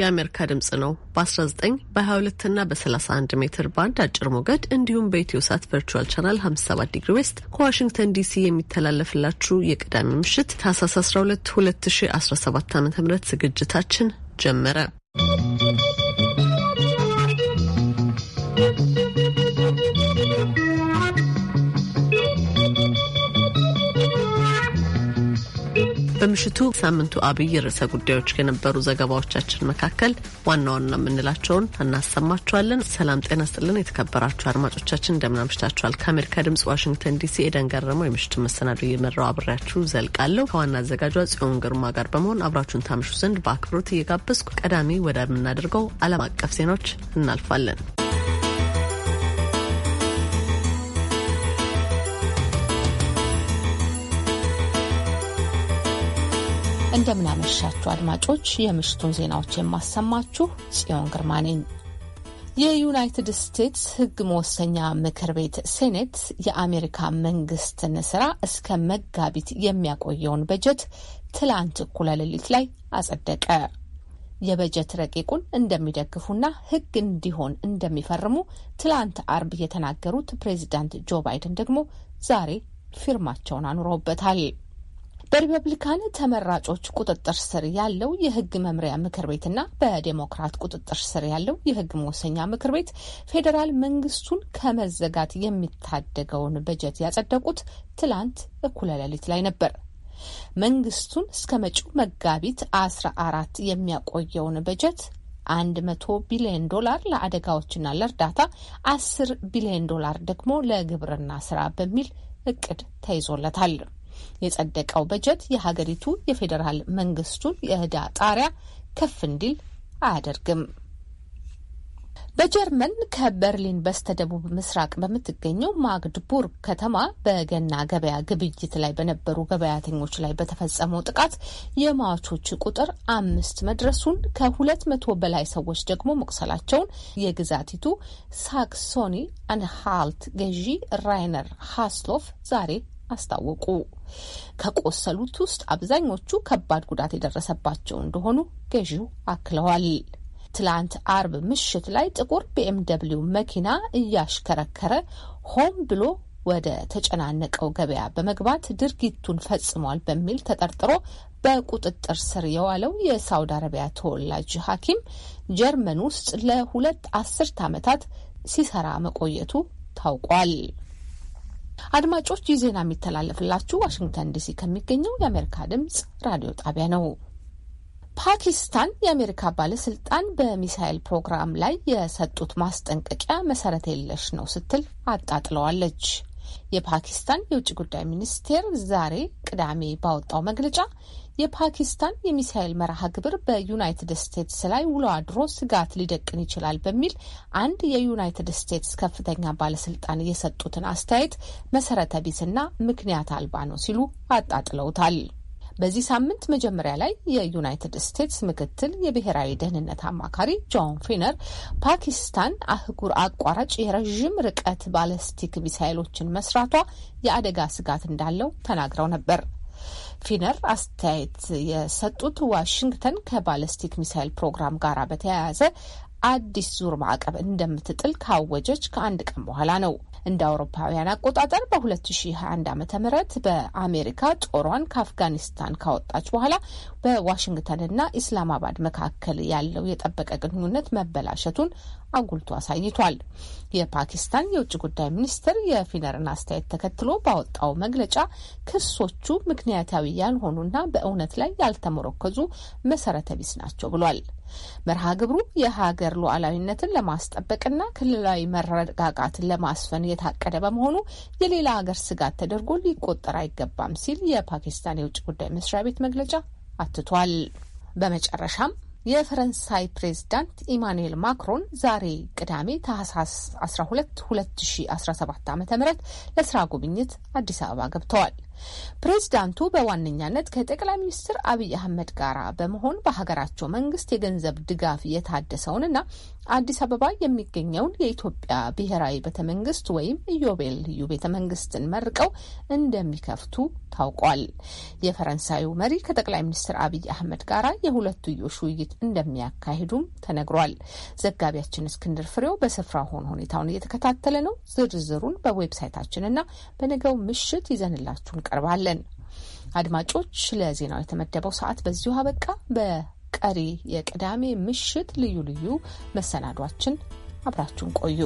የአሜሪካ ድምጽ ነው። በ19 በ22 እና በ31 ሜትር ባንድ አጭር ሞገድ እንዲሁም በኢትዮ ሳት ቨርቹዋል ቻናል 57 ዲግሪ ዌስት ከዋሽንግተን ዲሲ የሚተላለፍላችሁ የቅዳሜ ምሽት ታህሳስ 12 2017 ዓ ም ዝግጅታችን ጀመረ። በምሽቱ ሳምንቱ አብይ ርዕሰ ጉዳዮች ከነበሩ ዘገባዎቻችን መካከል ዋና ዋና የምንላቸውን እናሰማችኋለን። ሰላም ጤና ስጥልን። የተከበራችሁ አድማጮቻችን እንደምን አምሽታችኋል? ከአሜሪካ ድምጽ ዋሽንግተን ዲሲ ኤደን ገረመው የምሽቱ መሰናዶ እየመራው አብሬያችሁ ዘልቃለሁ። ከዋና አዘጋጇ ጽዮን ግርማ ጋር በመሆን አብራችሁን ታምሹ ዘንድ በአክብሮት እየጋበዝኩ ቀዳሚ ወደምናደርገው ዓለም አቀፍ ዜናዎች እናልፋለን። እንደምናመሻችሁ አድማጮች፣ የምሽቱን ዜናዎች የማሰማችሁ ጽዮን ግርማ ነኝ። የዩናይትድ ስቴትስ ሕግ መወሰኛ ምክር ቤት ሴኔት የአሜሪካ መንግስትን ስራ እስከ መጋቢት የሚያቆየውን በጀት ትላንት እኩለ ሌሊት ላይ አጸደቀ። የበጀት ረቂቁን እንደሚደግፉና ሕግ እንዲሆን እንደሚፈርሙ ትላንት አርብ የተናገሩት ፕሬዚዳንት ጆ ባይደን ደግሞ ዛሬ ፊርማቸውን አኑረውበታል። በሪፐብሊካን ተመራጮች ቁጥጥር ስር ያለው የህግ መምሪያ ምክር ቤትና በዴሞክራት ቁጥጥር ስር ያለው የህግ መወሰኛ ምክር ቤት ፌዴራል መንግስቱን ከመዘጋት የሚታደገውን በጀት ያጸደቁት ትላንት እኩለ ሌሊት ላይ ነበር። መንግስቱን እስከ መጪው መጋቢት አስራ አራት የሚያቆየውን በጀት አንድ መቶ ቢሊዮን ዶላር ለአደጋዎችና ለእርዳታ አስር ቢሊዮን ዶላር ደግሞ ለግብርና ስራ በሚል እቅድ ተይዞለታል። የጸደቀው በጀት የሀገሪቱ የፌዴራል መንግስቱን የእዳ ጣሪያ ከፍ እንዲል አያደርግም። በጀርመን ከበርሊን በስተደቡብ ምስራቅ በምትገኘው ማግድቡርግ ከተማ በገና ገበያ ግብይት ላይ በነበሩ ገበያተኞች ላይ በተፈጸመው ጥቃት የሟቾች ቁጥር አምስት መድረሱን ከሁለት መቶ በላይ ሰዎች ደግሞ መቁሰላቸውን የግዛቲቱ ሳክሶኒ አንሃልት ገዢ ራይነር ሃስሎፍ ዛሬ አስታወቁ። ከቆሰሉት ውስጥ አብዛኞቹ ከባድ ጉዳት የደረሰባቸው እንደሆኑ ገዢው አክለዋል። ትላንት አርብ ምሽት ላይ ጥቁር ቢኤምደብሊው መኪና እያሽከረከረ ሆን ብሎ ወደ ተጨናነቀው ገበያ በመግባት ድርጊቱን ፈጽሟል በሚል ተጠርጥሮ በቁጥጥር ስር የዋለው የሳውዲ አረቢያ ተወላጅ ሐኪም ጀርመን ውስጥ ለሁለት አስርት ዓመታት ሲሰራ መቆየቱ ታውቋል። አድማጮች ይህ ዜና የሚተላለፍላችሁ ዋሽንግተን ዲሲ ከሚገኘው የአሜሪካ ድምጽ ራዲዮ ጣቢያ ነው። ፓኪስታን የአሜሪካ ባለስልጣን በሚሳኤል ፕሮግራም ላይ የሰጡት ማስጠንቀቂያ መሰረት የለሽ ነው ስትል አጣጥለዋለች። የፓኪስታን የውጭ ጉዳይ ሚኒስቴር ዛሬ ቅዳሜ ባወጣው መግለጫ የፓኪስታን የሚሳኤል መርሃ ግብር በዩናይትድ ስቴትስ ላይ ውሎ አድሮ ስጋት ሊደቅን ይችላል በሚል አንድ የዩናይትድ ስቴትስ ከፍተኛ ባለስልጣን የሰጡትን አስተያየት መሰረተ ቢስና ምክንያት አልባ ነው ሲሉ አጣጥለውታል። በዚህ ሳምንት መጀመሪያ ላይ የዩናይትድ ስቴትስ ምክትል የብሔራዊ ደህንነት አማካሪ ጆን ፊነር ፓኪስታን አህጉር አቋራጭ የረዥም ርቀት ባለስቲክ ሚሳይሎችን መስራቷ የአደጋ ስጋት እንዳለው ተናግረው ነበር። ፊነር አስተያየት የሰጡት ዋሽንግተን ከባለስቲክ ሚሳይል ፕሮግራም ጋር በተያያዘ አዲስ ዙር ማዕቀብ እንደምትጥል ካወጀች ከአንድ ቀን በኋላ ነው። እንደ አውሮፓውያን አቆጣጠር በ2021 ዓ ም በአሜሪካ ጦሯን ከአፍጋኒስታን ካወጣች በኋላ በዋሽንግተንና ኢስላማባድ መካከል ያለው የጠበቀ ግንኙነት መበላሸቱን አጉልቶ አሳይቷል። የፓኪስታን የውጭ ጉዳይ ሚኒስትር የፊነርን አስተያየት ተከትሎ ባወጣው መግለጫ ክሶቹ ምክንያታዊ ያልሆኑና በእውነት ላይ ያልተሞረከዙ መሰረተ ቢስ ናቸው ብሏል። መርሃ ግብሩ የሀገር ሉዓላዊነትን ለማስጠበቅና ክልላዊ መረጋጋትን ለማስፈን የታቀደ በመሆኑ የሌላ ሀገር ስጋት ተደርጎ ሊቆጠር አይገባም ሲል የፓኪስታን የውጭ ጉዳይ መስሪያ ቤት መግለጫ አትቷል። በመጨረሻም የፈረንሳይ ፕሬዝዳንት ኢማኑኤል ማክሮን ዛሬ ቅዳሜ ታህሳስ 12 2017 ዓ ም ለስራ ጉብኝት አዲስ አበባ ገብተዋል። ፕሬዚዳንቱ በዋነኛነት ከጠቅላይ ሚኒስትር አብይ አህመድ ጋር በመሆን በሀገራቸው መንግስት የገንዘብ ድጋፍ የታደሰውንና አዲስ አበባ የሚገኘውን የኢትዮጵያ ብሔራዊ ቤተ መንግስት ወይም ኢዮቤል ልዩ ቤተ መንግስትን መርቀው እንደሚከፍቱ ታውቋል። የፈረንሳዩ መሪ ከጠቅላይ ሚኒስትር አብይ አህመድ ጋር የሁለትዮሽ ውይይት እንደሚያካሂዱም ተነግሯል። ዘጋቢያችን እስክንድር ፍሬው በስፍራ ሆኖ ሁኔታውን እየተከታተለ ነው። ዝርዝሩን በዌብሳይታችንና በነገው ምሽት ይዘንላችሁ እንቀርባለን። አድማጮች፣ ለዜናው የተመደበው ሰዓት በዚሁ አበቃ። ቀሪ የቅዳሜ ምሽት ልዩ ልዩ መሰናዷችን አብራችሁን ቆዩ።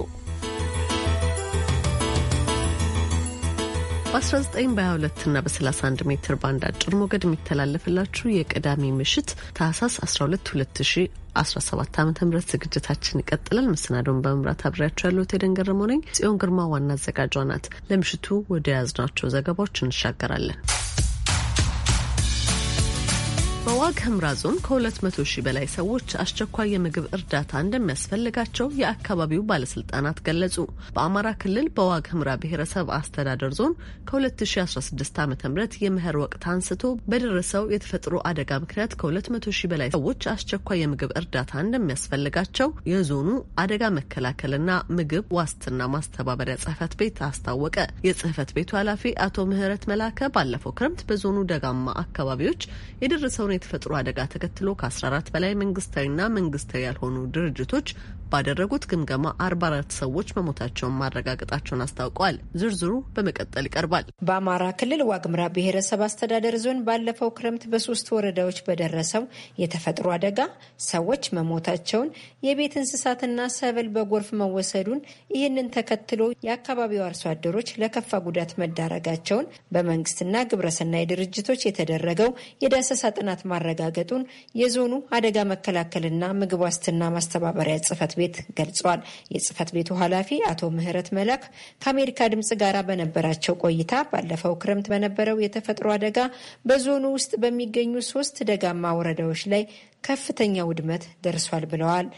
በ19 በ22 እና በ31 ሜትር ባንድ አጭር ሞገድ የሚተላለፍላችሁ የቅዳሜ ምሽት ታህሳስ 12 2017 ዓ ም ዝግጅታችን ይቀጥላል። መሰናዶን በመምራት አብሬያቸው ያለሁት ኤደን ገረመው ነኝ። ጽዮን ግርማ ዋና አዘጋጇ ናት። ለምሽቱ ወደ ያዝናቸው ዘገባዎች እንሻገራለን። በዋግ ህምራ ዞን ከ200 ሺህ በላይ ሰዎች አስቸኳይ የምግብ እርዳታ እንደሚያስፈልጋቸው የአካባቢው ባለስልጣናት ገለጹ። በአማራ ክልል በዋግ ህምራ ብሔረሰብ አስተዳደር ዞን ከ2016 ዓ ም የምህር ወቅት አንስቶ በደረሰው የተፈጥሮ አደጋ ምክንያት ከ200 ሺህ በላይ ሰዎች አስቸኳይ የምግብ እርዳታ እንደሚያስፈልጋቸው የዞኑ አደጋ መከላከልና ምግብ ዋስትና ማስተባበሪያ ጽህፈት ቤት አስታወቀ። የጽህፈት ቤቱ ኃላፊ አቶ ምህረት መላከ ባለፈው ክረምት በዞኑ ደጋማ አካባቢዎች የደረሰውን የተፈጥሮ አደጋ ተከትሎ ከ14 በላይ መንግስታዊና መንግስታዊ ያልሆኑ ድርጅቶች ባደረጉት ግምገማ 44 ሰዎች መሞታቸውን ማረጋገጣቸውን አስታውቀዋል። ዝርዝሩ በመቀጠል ይቀርባል። በአማራ ክልል ዋግምራ ብሔረሰብ አስተዳደር ዞን ባለፈው ክረምት በሶስት ወረዳዎች በደረሰው የተፈጥሮ አደጋ ሰዎች መሞታቸውን፣ የቤት እንስሳትና ሰብል በጎርፍ መወሰዱን፣ ይህንን ተከትሎ የአካባቢው አርሶ አደሮች ለከፋ ጉዳት መዳረጋቸውን በመንግስትና ግብረሰናይ ድርጅቶች የተደረገው የዳሰሳ ጥናት ማረጋገጡን የዞኑ አደጋ መከላከልና ምግብ ዋስትና ማስተባበሪያ ጽህፈት ቤት ገልጿል። የጽህፈት ቤቱ ኃላፊ አቶ ምህረት መለክ ከአሜሪካ ድምጽ ጋር በነበራቸው ቆይታ ባለፈው ክረምት በነበረው የተፈጥሮ አደጋ በዞኑ ውስጥ በሚገኙ ሶስት ደጋማ ወረዳዎች ላይ ከፍተኛ ውድመት ደርሷል ብለዋል።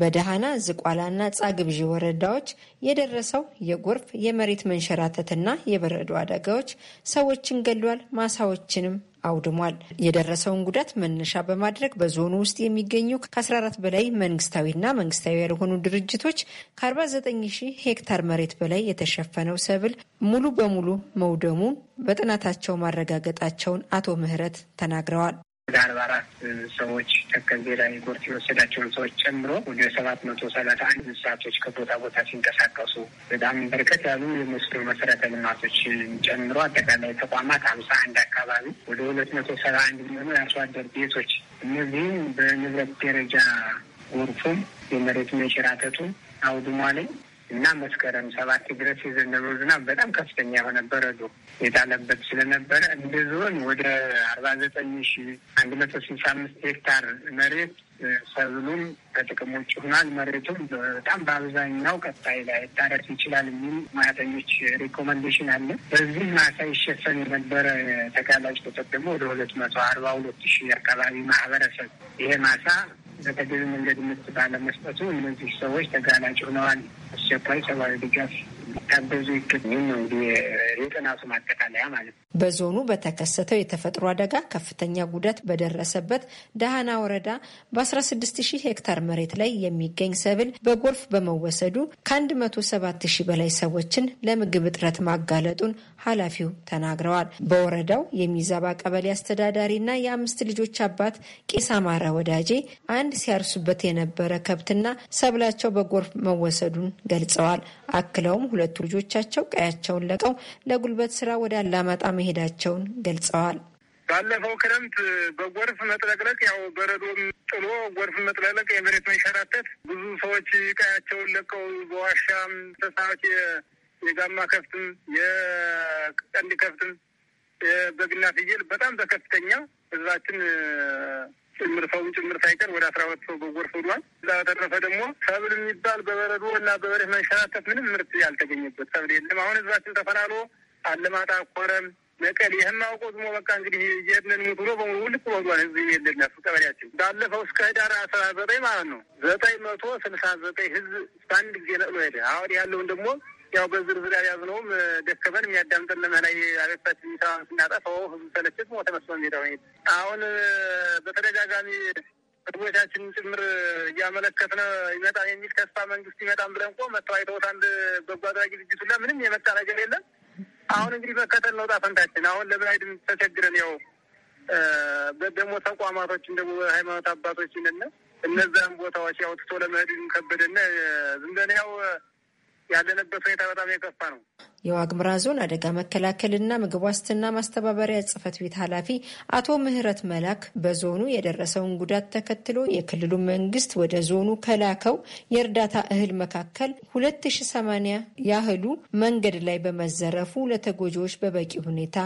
በደሃና ዝቋላና ጻግብዢ ወረዳዎች የደረሰው የጎርፍ የመሬት መንሸራተትና የበረዶ አደጋዎች ሰዎችን ገሏል፣ ማሳዎችንም አውድሟል። የደረሰውን ጉዳት መነሻ በማድረግ በዞኑ ውስጥ የሚገኙ ከ14 በላይ መንግስታዊና መንግስታዊ ያልሆኑ ድርጅቶች ከ49 ሺህ ሄክታር መሬት በላይ የተሸፈነው ሰብል ሙሉ በሙሉ መውደሙ በጥናታቸው ማረጋገጣቸውን አቶ ምህረት ተናግረዋል። ወደ አርባ አራት ሰዎች ተከል ላይ ጎርፍ የወሰዳቸውን ሰዎች ጨምሮ ወደ ሰባት መቶ ሰላሳ አንድ እንስሳቶች ከቦታ ቦታ ሲንቀሳቀሱ በጣም በርከት ያሉ የመስኖ መሰረተ ልማቶች ጨምሮ አጠቃላይ ተቋማት ሀምሳ አንድ አካባቢ ወደ ሁለት መቶ ሰባ አንድ የሚሆኑ የአርሶ አደር ቤቶች እነዚህም በንብረት ደረጃ ጎርፉም የመሬት መንሸራተቱም አውድሟ ላይ እና መስከረም ሰባት ድረስ የዘነበው ዝናብ በጣም ከፍተኛ የሆነ በረዶ የጣለበት ስለነበረ እንደ ዞን ወደ አርባ ዘጠኝ ሺ አንድ መቶ ስልሳ አምስት ሄክታር መሬት ሰብሉም ከጥቅም ውጭ ሆኗል። መሬቱም በጣም በአብዛኛው ቀጣይ ላይ ታረስ ይችላል የሚል ማያተኞች ሪኮመንዴሽን አለ። በዚህ ማሳ ይሸፈን የነበረ ተጋላጭ ተጠቅሞ ወደ ሁለት መቶ አርባ ሁለት ሺ አካባቢ ማህበረሰብ ይሄ ማሳ በተገቢ መንገድ ምት ባለመስጠቱ እነዚህ ሰዎች ተጋላጭ ሆነዋል። አስቸኳይ ሰብአዊ ድጋፍ ሊታገዙ ነው እንዲህ የጥናቱ ማጠቃለያ ማለት ነው። በዞኑ በተከሰተው የተፈጥሮ አደጋ ከፍተኛ ጉዳት በደረሰበት ደሃና ወረዳ በ16000 ሄክታር መሬት ላይ የሚገኝ ሰብል በጎርፍ በመወሰዱ ከ 17 ሺህ በላይ ሰዎችን ለምግብ እጥረት ማጋለጡን ኃላፊው ተናግረዋል። በወረዳው የሚዛባ ቀበሌ አስተዳዳሪና የአምስት ልጆች አባት ቄስ አማራ ወዳጄ አንድ ሲያርሱበት የነበረ ከብትና ሰብላቸው በጎርፍ መወሰዱን ገልጸዋል። አክለውም ሁለቱ ልጆቻቸው ቀያቸውን ለቀው ለጉልበት ስራ ወደ አላማጣ መሄዳቸውን ገልጸዋል። ባለፈው ክረምት በጎርፍ መጥለቅለቅ ያው በረዶም ጥሎ ጎርፍ መጥለቅለቅ፣ የመሬት መንሸራተት ብዙ ሰዎች ቀያቸውን ለቀው በዋሻም ተሳዎች የጋማ ከብትም የቀንድ ከብትም የበግና ፍየል በጣም በከፍተኛ ህዝባችን ጭምር ሰውን ጭምር ሳይቀር ወደ አስራ ሁለት ሰው በጎርፍ ሆኗል። እዛ በተረፈ ደግሞ ሰብል የሚባል በበረዶ እና በበሬ መንሸራተት ምንም ምርት ያልተገኘበት ሰብል የለም። አሁን ህዝባችን ተፈናሎ አለማጣ፣ ኮረም፣ መቀል ይህም አውቆ ዝሞ በቃ እንግዲህ የድነን ሙት ብሎ በሙሉ ልክ በሏል። ህዝብ የለና ቀበሌያችን ባለፈው እስከ ህዳር አስራ ዘጠኝ ማለት ነው ዘጠኝ መቶ ስልሳ ዘጠኝ ህዝብ በአንድ ጊዜ ነቅሎ ሄደ። አሁን ያለውን ደግሞ ያው በዝርዝር ያልያዝነውም ደከመን የሚያዳምጠን ለመላይ አቤታችን ሰላም ስናጣ ሰው ህዝብ ተለችት ሞተ መስሎ ሜዳው አሁን በተደጋጋሚ ህዝቦቻችን ጭምር እያመለከትነ ይመጣ የሚል ተስፋ መንግስት ይመጣም ብለን ቆ መተዋይተውት አንድ በጎ አድራጊ ድርጅቱ ምንም የመጣ ነገር የለም። አሁን እንግዲህ መከተል ነው ዕጣ ፈንታችን። አሁን አይድም ተቸግረን ያው በደግሞ ተቋማቶችን ደግሞ ሃይማኖት አባቶችን እነ እነዛን ቦታዎች ያው ትቶ ለመሄድ ከበደነ ዝም ብለን ያው ያለንበት ሁኔታ በጣም የከፋ ነው። የዋግምራ ዞን አደጋ መከላከልና ምግብ ዋስትና ማስተባበሪያ ጽፈት ቤት ኃላፊ አቶ ምህረት መላክ በዞኑ የደረሰውን ጉዳት ተከትሎ የክልሉ መንግስት ወደ ዞኑ ከላከው የእርዳታ እህል መካከል ሁለት ያህሉ መንገድ ላይ በመዘረፉ ለተጎጂዎች በበቂ ሁኔታ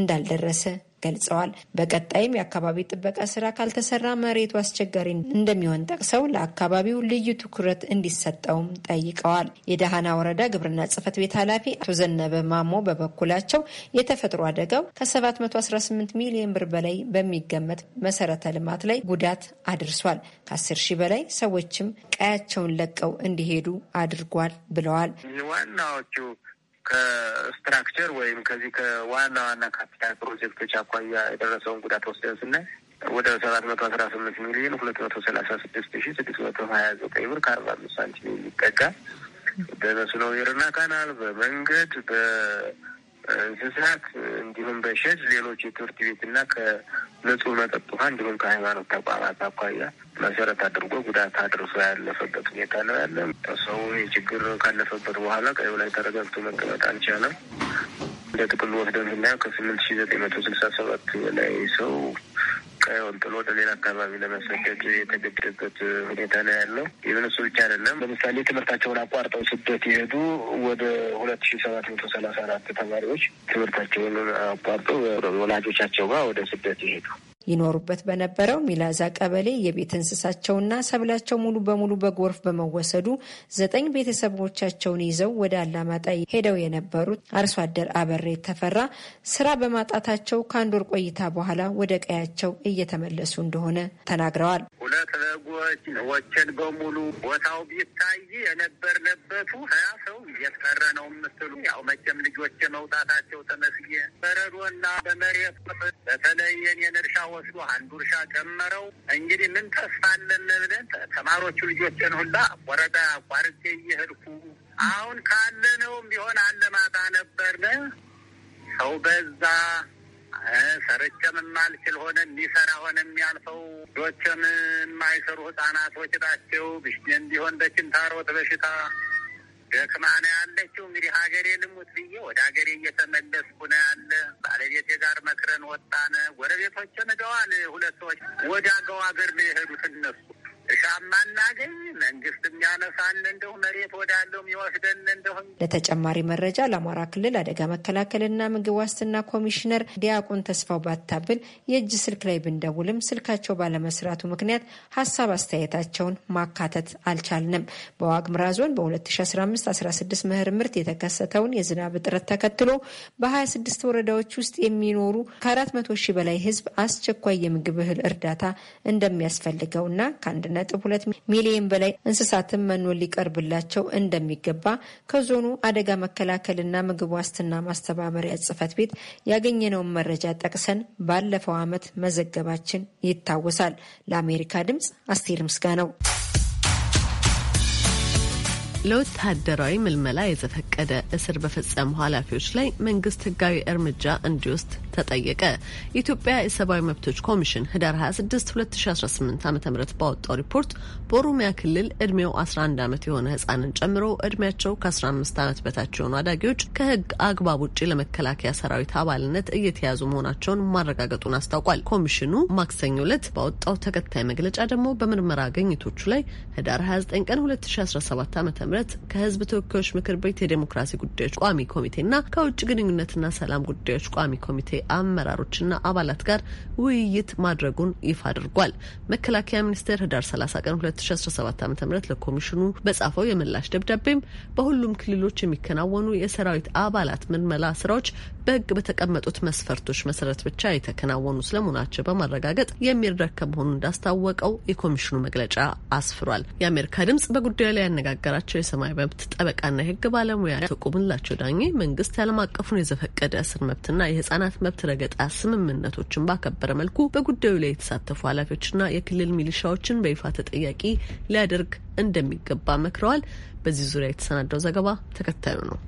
እንዳልደረሰ ገልጸዋል። በቀጣይም የአካባቢ ጥበቃ ስራ ካልተሰራ መሬቱ አስቸጋሪ እንደሚሆን ጠቅሰው ለአካባቢው ልዩ ትኩረት እንዲሰጠውም ጠይቀዋል። የደሃና ወረዳ ግብርና ጽህፈት ቤት ኃላፊ አቶ ዘነበ ማሞ በበኩላቸው የተፈጥሮ አደጋው ከ718 ሚሊዮን ብር በላይ በሚገመት መሰረተ ልማት ላይ ጉዳት አድርሷል። ከ10 ሺህ በላይ ሰዎችም ቀያቸውን ለቀው እንዲሄዱ አድርጓል ብለዋል። ዋናዎቹ ከስትራክቸር ወይም ከዚህ ከዋና ዋና ካፒታል ፕሮጀክቶች አኳያ የደረሰውን ጉዳት ወስደን ስናይ ወደ ሰባት መቶ አስራ ስምንት ሚሊዮን ሁለት መቶ ሰላሳ ስድስት ሺ ስድስት መቶ ሀያ ዘጠኝ ብር ከአርባ አምስት ሳንቲም የሚጠጋ በመስኖ የርና ካናል፣ በመንገድ፣ በእንስሳት እንዲሁም በሸድ ሌሎች የትምህርት ቤትና ንጹህ መጠጥ ውሃ እንዲሁም ከሃይማኖት ተቋማት አኳያ መሰረት አድርጎ ጉዳት አድርሶ ያለፈበት ሁኔታ ነው ያለ። ሰው ይህ ችግር ካለፈበት በኋላ ቀዩ ላይ ተረጋግቶ መቀመጥ አልቻለም። እንደ ጥቅል ወስደን ስናየው ከስምንት ሺ ዘጠኝ መቶ ስልሳ ሰባት በላይ ሰው ቀየውን ጥሎ ወደ ሌላ አካባቢ ለመሰደድ የተገደበት ሁኔታ ነው ያለው። ይህን እሱ ብቻ አይደለም። ለምሳሌ ትምህርታቸውን አቋርጠው ስደት የሄዱ ወደ ሁለት ሺ ሰባት መቶ ሰላሳ አራት ተማሪዎች ትምህርታቸውን አቋርጠው ወላጆቻቸው ጋር ወደ ስደት ይሄዱ ይኖሩበት በነበረው ሚላዛ ቀበሌ የቤት እንስሳቸውና ሰብላቸው ሙሉ በሙሉ በጎርፍ በመወሰዱ ዘጠኝ ቤተሰቦቻቸውን ይዘው ወደ አላማጣ ሄደው የነበሩት አርሶ አደር አበሬ ተፈራ ስራ በማጣታቸው ከአንድ ወር ቆይታ በኋላ ወደ ቀያቸው እየተመለሱ እንደሆነ ተናግረዋል። ሁለት በጎች ወችን በሙሉ ቦታው ቢታይ የነበርንበቱ ሀያ ሰው እየስፈረ ነው የምትሉ ያው መቼም ልጆች መውጣታቸው ተመስየ በረዶና በመሬት በተለየን የእርሻ ወስዶ አንዱ እርሻ ጨመረው። እንግዲህ ምን ተስፋ አለን ብለን ተማሪዎቹ ልጆችን ሁላ ወረዳ አቋርጬ እየሄድኩ አሁን ካለነውም ቢሆን አለማጣ ነበርነ ሰው በዛ ሰርቼም የማልችል ሆነ የሚሰራ ሆነ የሚያልፈው ዶችም የማይሰሩ ህጻናቶች ናቸው። ብሽ እንዲሆን በችንታሮት በሽታ ደክማ ያለችው። እንግዲህ ሀገሬ ልሙት ብዬ ወደ ሀገሬ እየተመለስኩ ነው ያለ። ባለቤቴ ጋር መክረን ወጣን። ጎረቤቶች ምደዋል ሁለት ሰዎች ወደ አገው ሀገር ነው የሄዱት እነሱ እርሻም መንግስት የሚያነሳን እንደሁ መሬት ወዳለው የሚወስደን እንደሁ። ለተጨማሪ መረጃ ለአማራ ክልል አደጋ መከላከልና ምግብ ዋስትና ኮሚሽነር ዲያቆን ተስፋው ባታብል የእጅ ስልክ ላይ ብንደውልም ስልካቸው ባለመስራቱ ምክንያት ሀሳብ አስተያየታቸውን ማካተት አልቻልንም። በዋግምራ ዞን በ2015/16 ምህር ምርት የተከሰተውን የዝናብ እጥረት ተከትሎ በ26 ወረዳዎች ውስጥ የሚኖሩ ከ400 ሺህ በላይ ህዝብ አስቸኳይ የምግብ እህል እርዳታ እንደሚያስፈልገውና ከአንድነት ነጥብ ሁለት ሚሊዮን በላይ እንስሳትን መኖ ሊቀርብላቸው እንደሚገባ ከዞኑ አደጋ መከላከልና ምግብ ዋስትና ማስተባበሪያ ጽህፈት ቤት ያገኘነውን መረጃ ጠቅሰን ባለፈው ዓመት መዘገባችን ይታወሳል። ለአሜሪካ ድምጽ አስቴር ምስጋ ነው። ለወታደራዊ ምልመላ የተፈቀደ እስር በፈጸሙ ኃላፊዎች ላይ መንግስት ህጋዊ እርምጃ እንዲወስድ ተጠየቀ። የኢትዮጵያ የሰብአዊ መብቶች ኮሚሽን ህዳር 26 2018 ዓ ም ባወጣው ሪፖርት በኦሮሚያ ክልል እድሜው 11 ዓመት የሆነ ህጻንን ጨምሮ እድሜያቸው ከ15 ዓመት በታች የሆኑ አዳጊዎች ከህግ አግባብ ውጭ ለመከላከያ ሰራዊት አባልነት እየተያዙ መሆናቸውን ማረጋገጡን አስታውቋል። ኮሚሽኑ ማክሰኞ ዕለት ባወጣው ተከታይ መግለጫ ደግሞ በምርመራ ግኝቶቹ ላይ ህዳር 29 ቀን 2017 ዓ ም ከህዝብ ተወካዮች ምክር ቤት የዴሞክራሲ ጉዳዮች ቋሚ ኮሚቴና ከውጭ ግንኙነትና ሰላም ጉዳዮች ቋሚ ኮሚቴ አመራሮችና አባላት ጋር ውይይት ማድረጉን ይፋ አድርጓል። መከላከያ ሚኒስቴር ህዳር 30 ቀን 2017 ዓ ም ለኮሚሽኑ በጻፈው የምላሽ ደብዳቤም በሁሉም ክልሎች የሚከናወኑ የሰራዊት አባላት ምልመላ ስራዎች በህግ በተቀመጡት መስፈርቶች መሰረት ብቻ የተከናወኑ ስለመሆናቸው በማረጋገጥ የሚረከብ መሆኑን እንዳስታወቀው የኮሚሽኑ መግለጫ አስፍሯል። የአሜሪካ ድምጽ በጉዳዩ ላይ ያነጋገራቸው የሰማይ መብት ጠበቃና የህግ ባለሙያ ተቁምላቸው ዳኜ መንግስት ያለም አቀፉን የዘፈቀደ እስር መብትና የህጻናት መብት መብት ረገጣ ስምምነቶችን ባከበረ መልኩ በጉዳዩ ላይ የተሳተፉ ኃላፊዎችና የክልል ሚሊሻዎችን በይፋ ተጠያቂ ሊያደርግ እንደሚገባ መክረዋል። በዚህ ዙሪያ የተሰናዳው ዘገባ ተከታዩ ነው።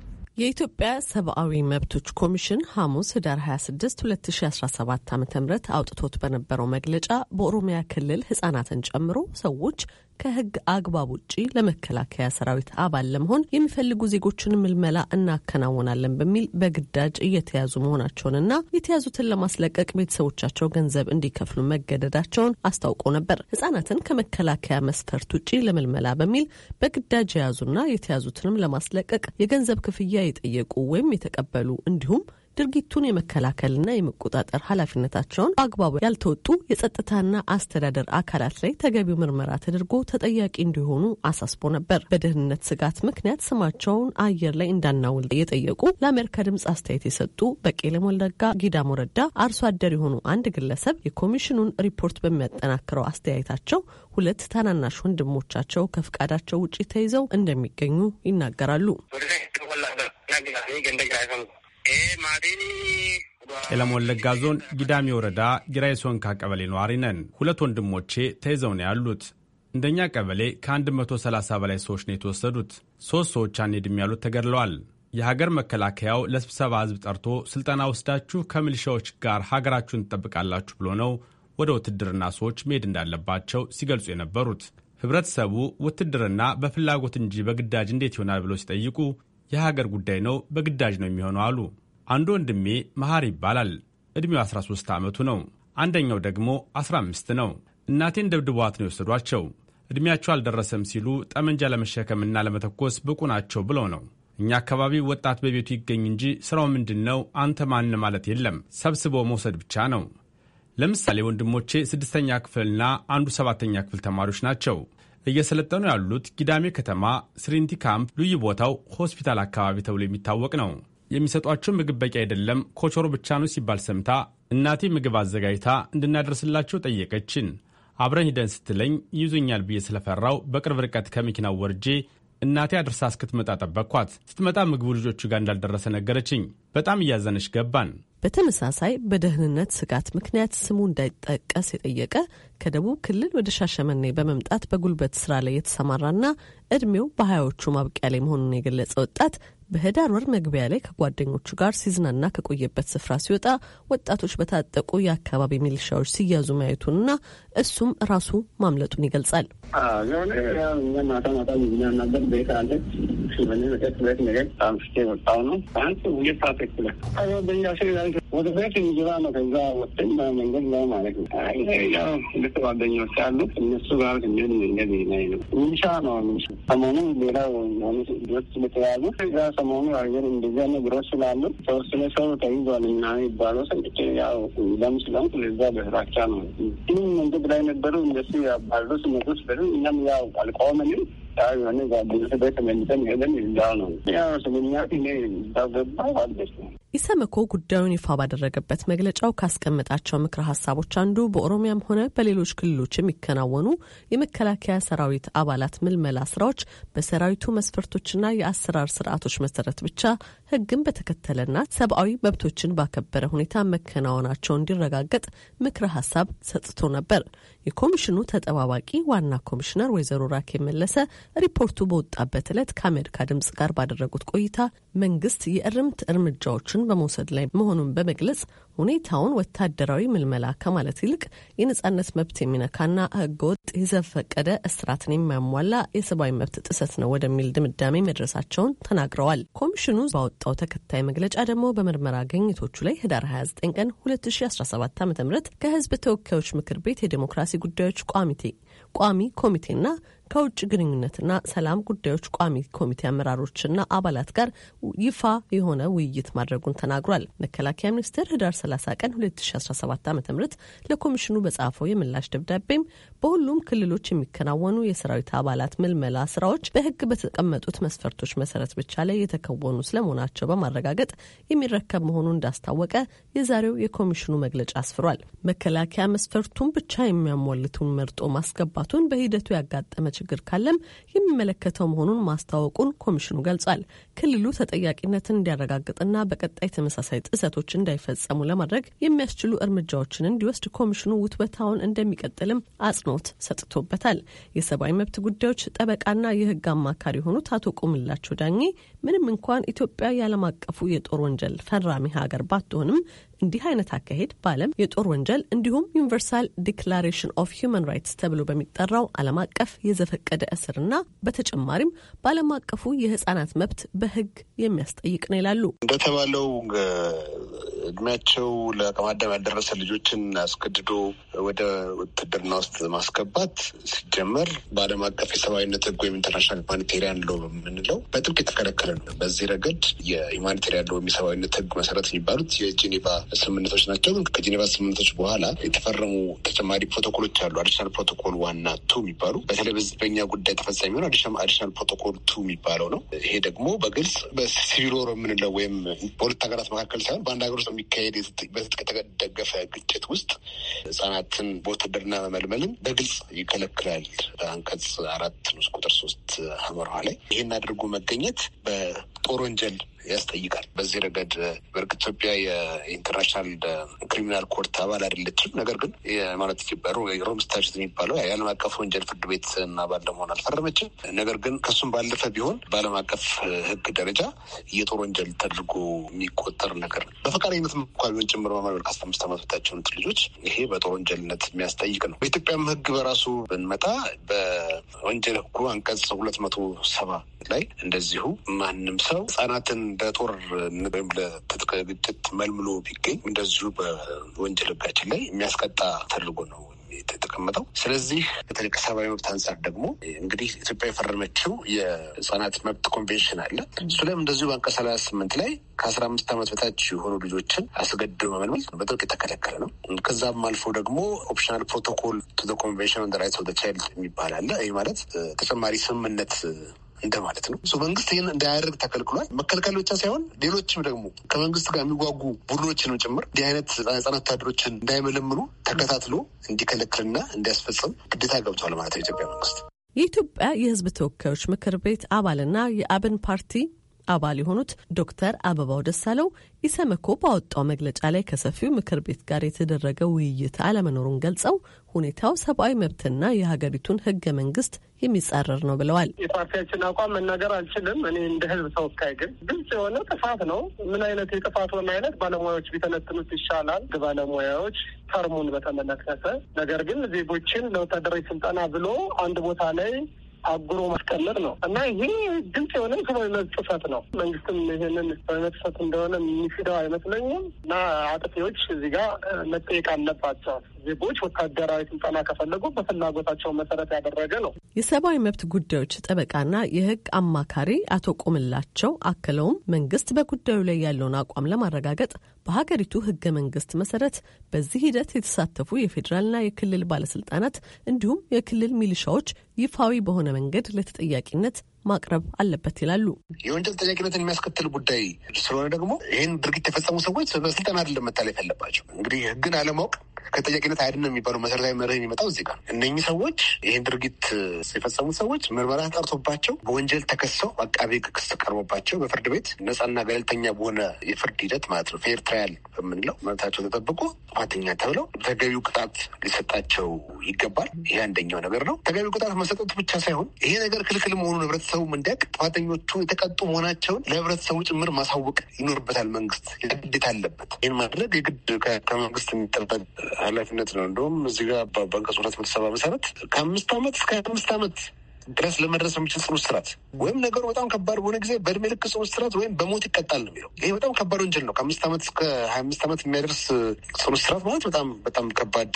የኢትዮጵያ ሰብአዊ መብቶች ኮሚሽን ሐሙስ ህዳር 26 2017 ዓ ም አውጥቶት በነበረው መግለጫ በኦሮሚያ ክልል ህጻናትን ጨምሮ ሰዎች ከህግ አግባብ ውጪ ለመከላከያ ሰራዊት አባል ለመሆን የሚፈልጉ ዜጎችን ምልመላ እናከናወናለን በሚል በግዳጅ እየተያዙ መሆናቸውንና የተያዙትን ለማስለቀቅ ቤተሰቦቻቸው ገንዘብ እንዲከፍሉ መገደዳቸውን አስታውቆ ነበር። ህጻናትን ከመከላከያ መስፈርት ውጪ ለምልመላ በሚል በግዳጅ የያዙና የተያዙትንም ለማስለቀቅ የገንዘብ ክፍያ የጠየቁ ወይም የተቀበሉ እንዲሁም ድርጊቱን የመከላከልና የመቆጣጠር ኃላፊነታቸውን በአግባቡ ያልተወጡ የጸጥታና አስተዳደር አካላት ላይ ተገቢው ምርመራ ተደርጎ ተጠያቂ እንዲሆኑ አሳስቦ ነበር። በደህንነት ስጋት ምክንያት ስማቸውን አየር ላይ እንዳናውል የጠየቁ ለአሜሪካ ድምጽ አስተያየት የሰጡ በቄለም ወለጋ ጊዳሞ ረዳ አርሶ አደር የሆኑ አንድ ግለሰብ የኮሚሽኑን ሪፖርት በሚያጠናክረው አስተያየታቸው ሁለት ታናናሽ ወንድሞቻቸው ከፍቃዳቸው ውጪ ተይዘው እንደሚገኙ ይናገራሉ። ቄለም ወለጋ ዞን ጊዳሚ ወረዳ ጊራይ ሶንካ ቀበሌ ነዋሪ ነን። ሁለት ወንድሞቼ ተይዘው ነው ያሉት። እንደኛ ቀበሌ ከ130 በላይ ሰዎች ነው የተወሰዱት። ሦስት ሰዎች አንሄድም ያሉት ተገድለዋል። የሀገር መከላከያው ለስብሰባ ህዝብ ጠርቶ ስልጠና ወስዳችሁ ከሚሊሻዎች ጋር ሀገራችሁን ትጠብቃላችሁ ብሎ ነው ወደ ውትድርና ሰዎች መሄድ እንዳለባቸው ሲገልጹ የነበሩት። ህብረተሰቡ ውትድርና በፍላጎት እንጂ በግዳጅ እንዴት ይሆናል ብሎ ሲጠይቁ የሀገር ጉዳይ ነው፣ በግዳጅ ነው የሚሆነው አሉ። አንዱ ወንድሜ መሐር ይባላል። ዕድሜው 13 ዓመቱ ነው። አንደኛው ደግሞ 15 ነው። እናቴን ደብድቧት ነው የወሰዷቸው። ዕድሜያቸው አልደረሰም ሲሉ ጠመንጃ ለመሸከምና ለመተኮስ ብቁ ናቸው ብለው ነው። እኛ አካባቢ ወጣት በቤቱ ይገኝ እንጂ ሥራው ምንድን ነው አንተ ማን ማለት የለም፣ ሰብስቦ መውሰድ ብቻ ነው። ለምሳሌ ወንድሞቼ ስድስተኛ ክፍልና አንዱ ሰባተኛ ክፍል ተማሪዎች ናቸው። እየሰለጠኑ ያሉት ጊዳሜ ከተማ ስሪንቲ ካምፕ ልዩ ቦታው ሆስፒታል አካባቢ ተብሎ የሚታወቅ ነው። የሚሰጧቸው ምግብ በቂ አይደለም፣ ኮቾሮ ብቻ ነው ሲባል ሰምታ እናቴ ምግብ አዘጋጅታ እንድናደርስላቸው ጠየቀችን። አብረን ሂደን ስትለኝ ይዙኛል ብዬ ስለፈራው በቅርብ ርቀት ከመኪናው ወርጄ እናቴ አድርሳ እስክትመጣ ጠበቅኳት። ስትመጣ ምግቡ ልጆቹ ጋር እንዳልደረሰ ነገረችኝ። በጣም እያዘነች ገባን። በተመሳሳይ በደህንነት ስጋት ምክንያት ስሙ እንዳይጠቀስ የጠየቀ ከደቡብ ክልል ወደ ሻሸመኔ በመምጣት በጉልበት ስራ ላይ የተሰማራና እድሜው በሀያዎቹ ማብቂያ ላይ መሆኑን የገለጸ ወጣት በህዳር ወር መግቢያ ላይ ከጓደኞቹ ጋር ሲዝናና ከቆየበት ስፍራ ሲወጣ ወጣቶች በታጠቁ የአካባቢ ሚሊሻዎች ሲያዙ ማየቱንና እሱም ራሱ ማምለጡን ይገልጻል። ማታ ማታ ቤት አለ። ነው ሁለት ስለተያዙ ከሰሞኑ ሀገር እንደዚያ ነገሮች ስላሉ ተወስነ ሰው ተይዟል እና ይባለው ሰምቼ ያው ለም ስለም ለዛ በስራቻ ነው ግን መንገድ ላይ ነበሩ እነሱ ያባሉ ስመጡ ስለሉ እኛም ያው አልቆመንም ሰዓት የሆነ ጓደኞች ቤት ተመልሰን ሄደን እዛው ነው ያው ስምኛ እኔ እዛው ገባ አለች ኢሰመኮ ጉዳዩን ይፋ ባደረገበት መግለጫው ካስቀመጣቸው ምክረ ሀሳቦች አንዱ በኦሮሚያም ሆነ በሌሎች ክልሎች የሚከናወኑ የመከላከያ ሰራዊት አባላት ምልመላ ስራዎች በሰራዊቱ መስፈርቶችና የአሰራር ስርዓቶች መሰረት ብቻ ሕግን በተከተለና ሰብአዊ መብቶችን ባከበረ ሁኔታ መከናወናቸው እንዲረጋገጥ ምክረ ሀሳብ ሰጥቶ ነበር። የኮሚሽኑ ተጠባባቂ ዋና ኮሚሽነር ወይዘሮ ራኬ መለሰ ሪፖርቱ በወጣበት ዕለት ከአሜሪካ ድምጽ ጋር ባደረጉት ቆይታ መንግስት የእርምት እርምጃዎችን እርምጃዎችን በመውሰድ ላይ መሆኑን በመግለጽ ሁኔታውን ወታደራዊ ምልመላ ከማለት ይልቅ የነጻነት መብት የሚነካና ህገወጥ የዘፈቀደ እስራትን የሚያሟላ የሰብአዊ መብት ጥሰት ነው ወደሚል ድምዳሜ መድረሳቸውን ተናግረዋል። ኮሚሽኑ ባወጣው ተከታይ መግለጫ ደግሞ በምርመራ ግኝቶቹ ላይ ህዳር 29 ቀን 2017 ዓ ም ከህዝብ ተወካዮች ምክር ቤት የዴሞክራሲ ጉዳዮች ቋሚ ኮሚቴና ከውጭ ግንኙነትና ሰላም ጉዳዮች ቋሚ ኮሚቴ አመራሮችና አባላት ጋር ይፋ የሆነ ውይይት ማድረጉን ተናግሯል። መከላከያ ሚኒስቴር ህዳር 30 ቀን 2017 ዓ ም ለኮሚሽኑ በጻፈው የምላሽ ደብዳቤም በሁሉም ክልሎች የሚከናወኑ የሰራዊት አባላት ምልመላ ስራዎች በህግ በተቀመጡት መስፈርቶች መሰረት ብቻ ላይ የተከወኑ ስለመሆናቸው በማረጋገጥ የሚረከብ መሆኑን እንዳስታወቀ የዛሬው የኮሚሽኑ መግለጫ አስፍሯል። መከላከያ መስፈርቱን ብቻ የሚያሟልቱን መርጦ ማስገባቱን በሂደቱ ያጋጠመ ችግር ካለም የሚመለከተው መሆኑን ማስታወቁን ኮሚሽኑ ገልጿል። ክልሉ ተጠያቂነትን እንዲያረጋግጥና በቀጣይ ተመሳሳይ ጥሰቶች እንዳይፈጸሙ ለማድረግ የሚያስችሉ እርምጃዎችን እንዲወስድ ኮሚሽኑ ውትበታውን እንደሚቀጥልም አጽንኦት ሰጥቶበታል። የሰብአዊ መብት ጉዳዮች ጠበቃና የህግ አማካሪ የሆኑት አቶ ቁምላቸው ዳኜ ምንም እንኳን ኢትዮጵያ የዓለም አቀፉ የጦር ወንጀል ፈራሚ ሀገር ባትሆንም እንዲህ አይነት አካሄድ በዓለም የጦር ወንጀል እንዲሁም ዩኒቨርሳል ዲክላሬሽን ኦፍ ሁማን ራይትስ ተብሎ በሚጠራው ዓለም አቀፍ የዘፈቀደ እስርና በተጨማሪም በዓለም አቀፉ የህጻናት መብት በህግ የሚያስጠይቅ ነው ይላሉ። እንደተባለው እድሜያቸው ለአቅመ አዳም ያልደረሰ ልጆችን አስገድዶ ወደ ውትድርና ውስጥ ማስገባት ሲጀመር በዓለም አቀፍ የሰብአዊነት ህግ ወይም ኢንተርናሽናል ሁማኒቴሪያን ሎ የምንለው በጥብቅ የተከለከለ ነው። በዚህ ረገድ የሁማኒቴሪያን ሎ የሰብአዊነት ህግ መሰረት የሚባሉት የጄኔቫ ስምምነቶች ናቸው። ግን ከጄኔቫ ስምምነቶች በኋላ የተፈረሙ ተጨማሪ ፕሮቶኮሎች አሉ። አዲሽናል ፕሮቶኮል ዋና ቱ የሚባሉ በተለይ በዚህ በእኛ ጉዳይ ተፈጻሚ ሆነ አዲሽናል ፕሮቶኮል ቱ የሚባለው ነው። ይሄ ደግሞ በግልጽ በሲቪል ወር የምንለው ወይም በሁለት ሀገራት መካከል ሳይሆን በአንድ ሀገር ውስጥ የሚካሄድ በትጥቅ የተደገፈ ግጭት ውስጥ ህጻናትን በውትድርና መመልመልን በግልጽ ይከለክላል። አንቀጽ አራት ንዑስ ቁጥር ሶስት አመርኋ ላይ ይህን አድርጎ መገኘት ጦር ወንጀል ያስጠይቃል። በዚህ ረገድ በእርግጥ ኢትዮጵያ የኢንተርናሽናል ክሪሚናል ኮርት አባል አይደለችም። ነገር ግን ማለት ሲበሩ ሮም ስታችት የሚባለው የዓለም አቀፍ ወንጀል ፍርድ ቤት እና አባል ለመሆን አልፈረመችም። ነገር ግን ከሱም ባለፈ ቢሆን በዓለም አቀፍ ሕግ ደረጃ የጦር ወንጀል ተደርጎ የሚቆጠር ነገር ነው። በፈቃደኝነት እንኳ ቢሆን ጭምር በማድበር ከአስራ አምስት ዓመት በታች ልጆች ይሄ በጦር ወንጀልነት የሚያስጠይቅ ነው። በኢትዮጵያም ሕግ በራሱ ብንመጣ በወንጀል ሕጉ አንቀጽ ሁለት መቶ ሰባ ላይ እንደዚሁ ማንም ሰው የሚባለው ህጻናትን በጦር ወይም ለትጥቅ ግጭት መልምሎ ቢገኝ እንደዚሁ በወንጀል ህጋችን ላይ የሚያስቀጣ ተደርጎ ነው የተቀመጠው። ስለዚህ በተለይ ከሰብአዊ መብት አንጻር ደግሞ እንግዲህ ኢትዮጵያ የፈረመችው የህጻናት መብት ኮንቬንሽን አለ። እሱ ላይም እንደዚሁ በአንቀጽ ሰላሳ ስምንት ላይ ከአስራ አምስት ዓመት በታች የሆኑ ልጆችን አስገድዶ መመልመል በጥብቅ የተከለከለ ነው። ከዛም አልፎ ደግሞ ኦፕሽናል ፕሮቶኮል ቱ ኮንቬንሽን ኦን ራይትስ ኦፍ ቻይልድ የሚባል አለ። ይህ ማለት ተጨማሪ ስምምነት እንደማለት ነው። መንግስት ይህን እንዳያደርግ ተከልክሏል። መከልከል ብቻ ሳይሆን ሌሎችም ደግሞ ከመንግስት ጋር የሚጓጉ ቡድኖችንም ጭምር እንዲህ አይነት ህጻናት ወታደሮችን እንዳይመለምሉ ተከታትሎ እንዲከለክልና እንዲያስፈጽም ግዴታ ገብቷል ማለት ነው የኢትዮጵያ መንግስት። የኢትዮጵያ የህዝብ ተወካዮች ምክር ቤት አባልና የአብን ፓርቲ አባል የሆኑት ዶክተር አበባው ደሳለው ኢሰመኮ ባወጣው መግለጫ ላይ ከሰፊው ምክር ቤት ጋር የተደረገ ውይይት አለመኖሩን ገልጸው ሁኔታው ሰብአዊ መብትና የሀገሪቱን ህገ መንግስት የሚጻረር ነው ብለዋል። የፓርቲያችን አቋም መናገር አልችልም። እኔ እንደ ህዝብ ተወካይ ግን ግልጽ የሆነ ጥፋት ነው። ምን አይነት የጥፋቱን አይነት ባለሙያዎች ቢተነትኑት ይሻላል። ባለሙያዎች ተርሙን በተመለከተ ነገር ግን ዜጎችን ለወታደራዊ ስልጠና ብሎ አንድ ቦታ ላይ አጉሮ ማስቀመጥ ነው እና ይሄ ግልጽ የሆነ ሰብአዊ መብት ጥሰት ነው። መንግስትም ይህንን ሰብአዊ መብት ጥሰት እንደሆነ የሚስደው አይመስለኝም እና አጥፊዎች እዚህ ጋር መጠየቅ አለባቸው። ዜጎች ወታደራዊ ስልጠና ከፈለጉ በፍላጎታቸው መሰረት ያደረገ ነው። የሰብአዊ መብት ጉዳዮች ጠበቃና የህግ አማካሪ አቶ ቆምላቸው አክለውም መንግስት በጉዳዩ ላይ ያለውን አቋም ለማረጋገጥ በሀገሪቱ ህገ መንግስት መሰረት በዚህ ሂደት የተሳተፉ የፌዴራልና የክልል ባለስልጣናት እንዲሁም የክልል ሚሊሻዎች ይፋዊ በሆነ መንገድ ለተጠያቂነት ማቅረብ አለበት ይላሉ። የወንጀል ተጠያቂነትን የሚያስከትል ጉዳይ ስለሆነ ደግሞ ይህን ድርጊት የፈጸሙ ሰዎች በስልጠና አይደለም መታለፍ ያለባቸው። እንግዲህ ህግን አለማወቅ ከተጠያቂነት ነው የሚባለው መሰረታዊ መርህ የሚመጣው እዚህ ጋር እነኚህ ሰዎች ይህን ድርጊት የፈጸሙት ሰዎች ምርመራ ተጠርቶባቸው በወንጀል ተከሰው አቃቢ ክስ ቀርቦባቸው በፍርድ ቤት ነጻና ገለልተኛ በሆነ የፍርድ ሂደት ማለት ነው ፌር ትራያል በምንለው መብታቸው ተጠብቆ ጥፋተኛ ተብለው ተገቢው ቅጣት ሊሰጣቸው ይገባል። ይሄ አንደኛው ነገር ነው። ተገቢው ቅጣት መሰጠቱ ብቻ ሳይሆን ይሄ ነገር ክልክል መሆኑን ህብረተሰቡ እንዲያውቅ ጥፋተኞቹ የተቀጡ መሆናቸውን ለህብረተሰቡ ጭምር ማሳወቅ ይኖርበታል። መንግስት ግዴታ አለበት። ይህን ማድረግ የግድ ከመንግስት የሚጠበቅ ኃላፊነት ነው። እንደውም እዚህ ጋር በአንቀጽ ሁለት መቶ ሰባ መሰረት ከአምስት አመት እስከ አምስት አመት ድረስ ለመድረስ የሚችል ጽኑ እስራት ወይም ነገሩ በጣም ከባድ በሆነ ጊዜ በእድሜ ልክ ጽኑ እስራት ወይም በሞት ይቀጣል ነው የሚለው። ይሄ በጣም ከባድ ወንጀል ነው። ከአምስት ዓመት እስከ ሀያ አምስት ዓመት የሚያደርስ ጽኑ እስራት ማለት በጣም በጣም ከባድ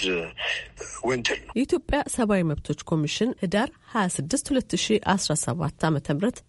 ወንጀል ነው። የኢትዮጵያ ሰብአዊ መብቶች ኮሚሽን ህዳር ሀያ ስድስት ሁለት ሺ አስራ ሰባት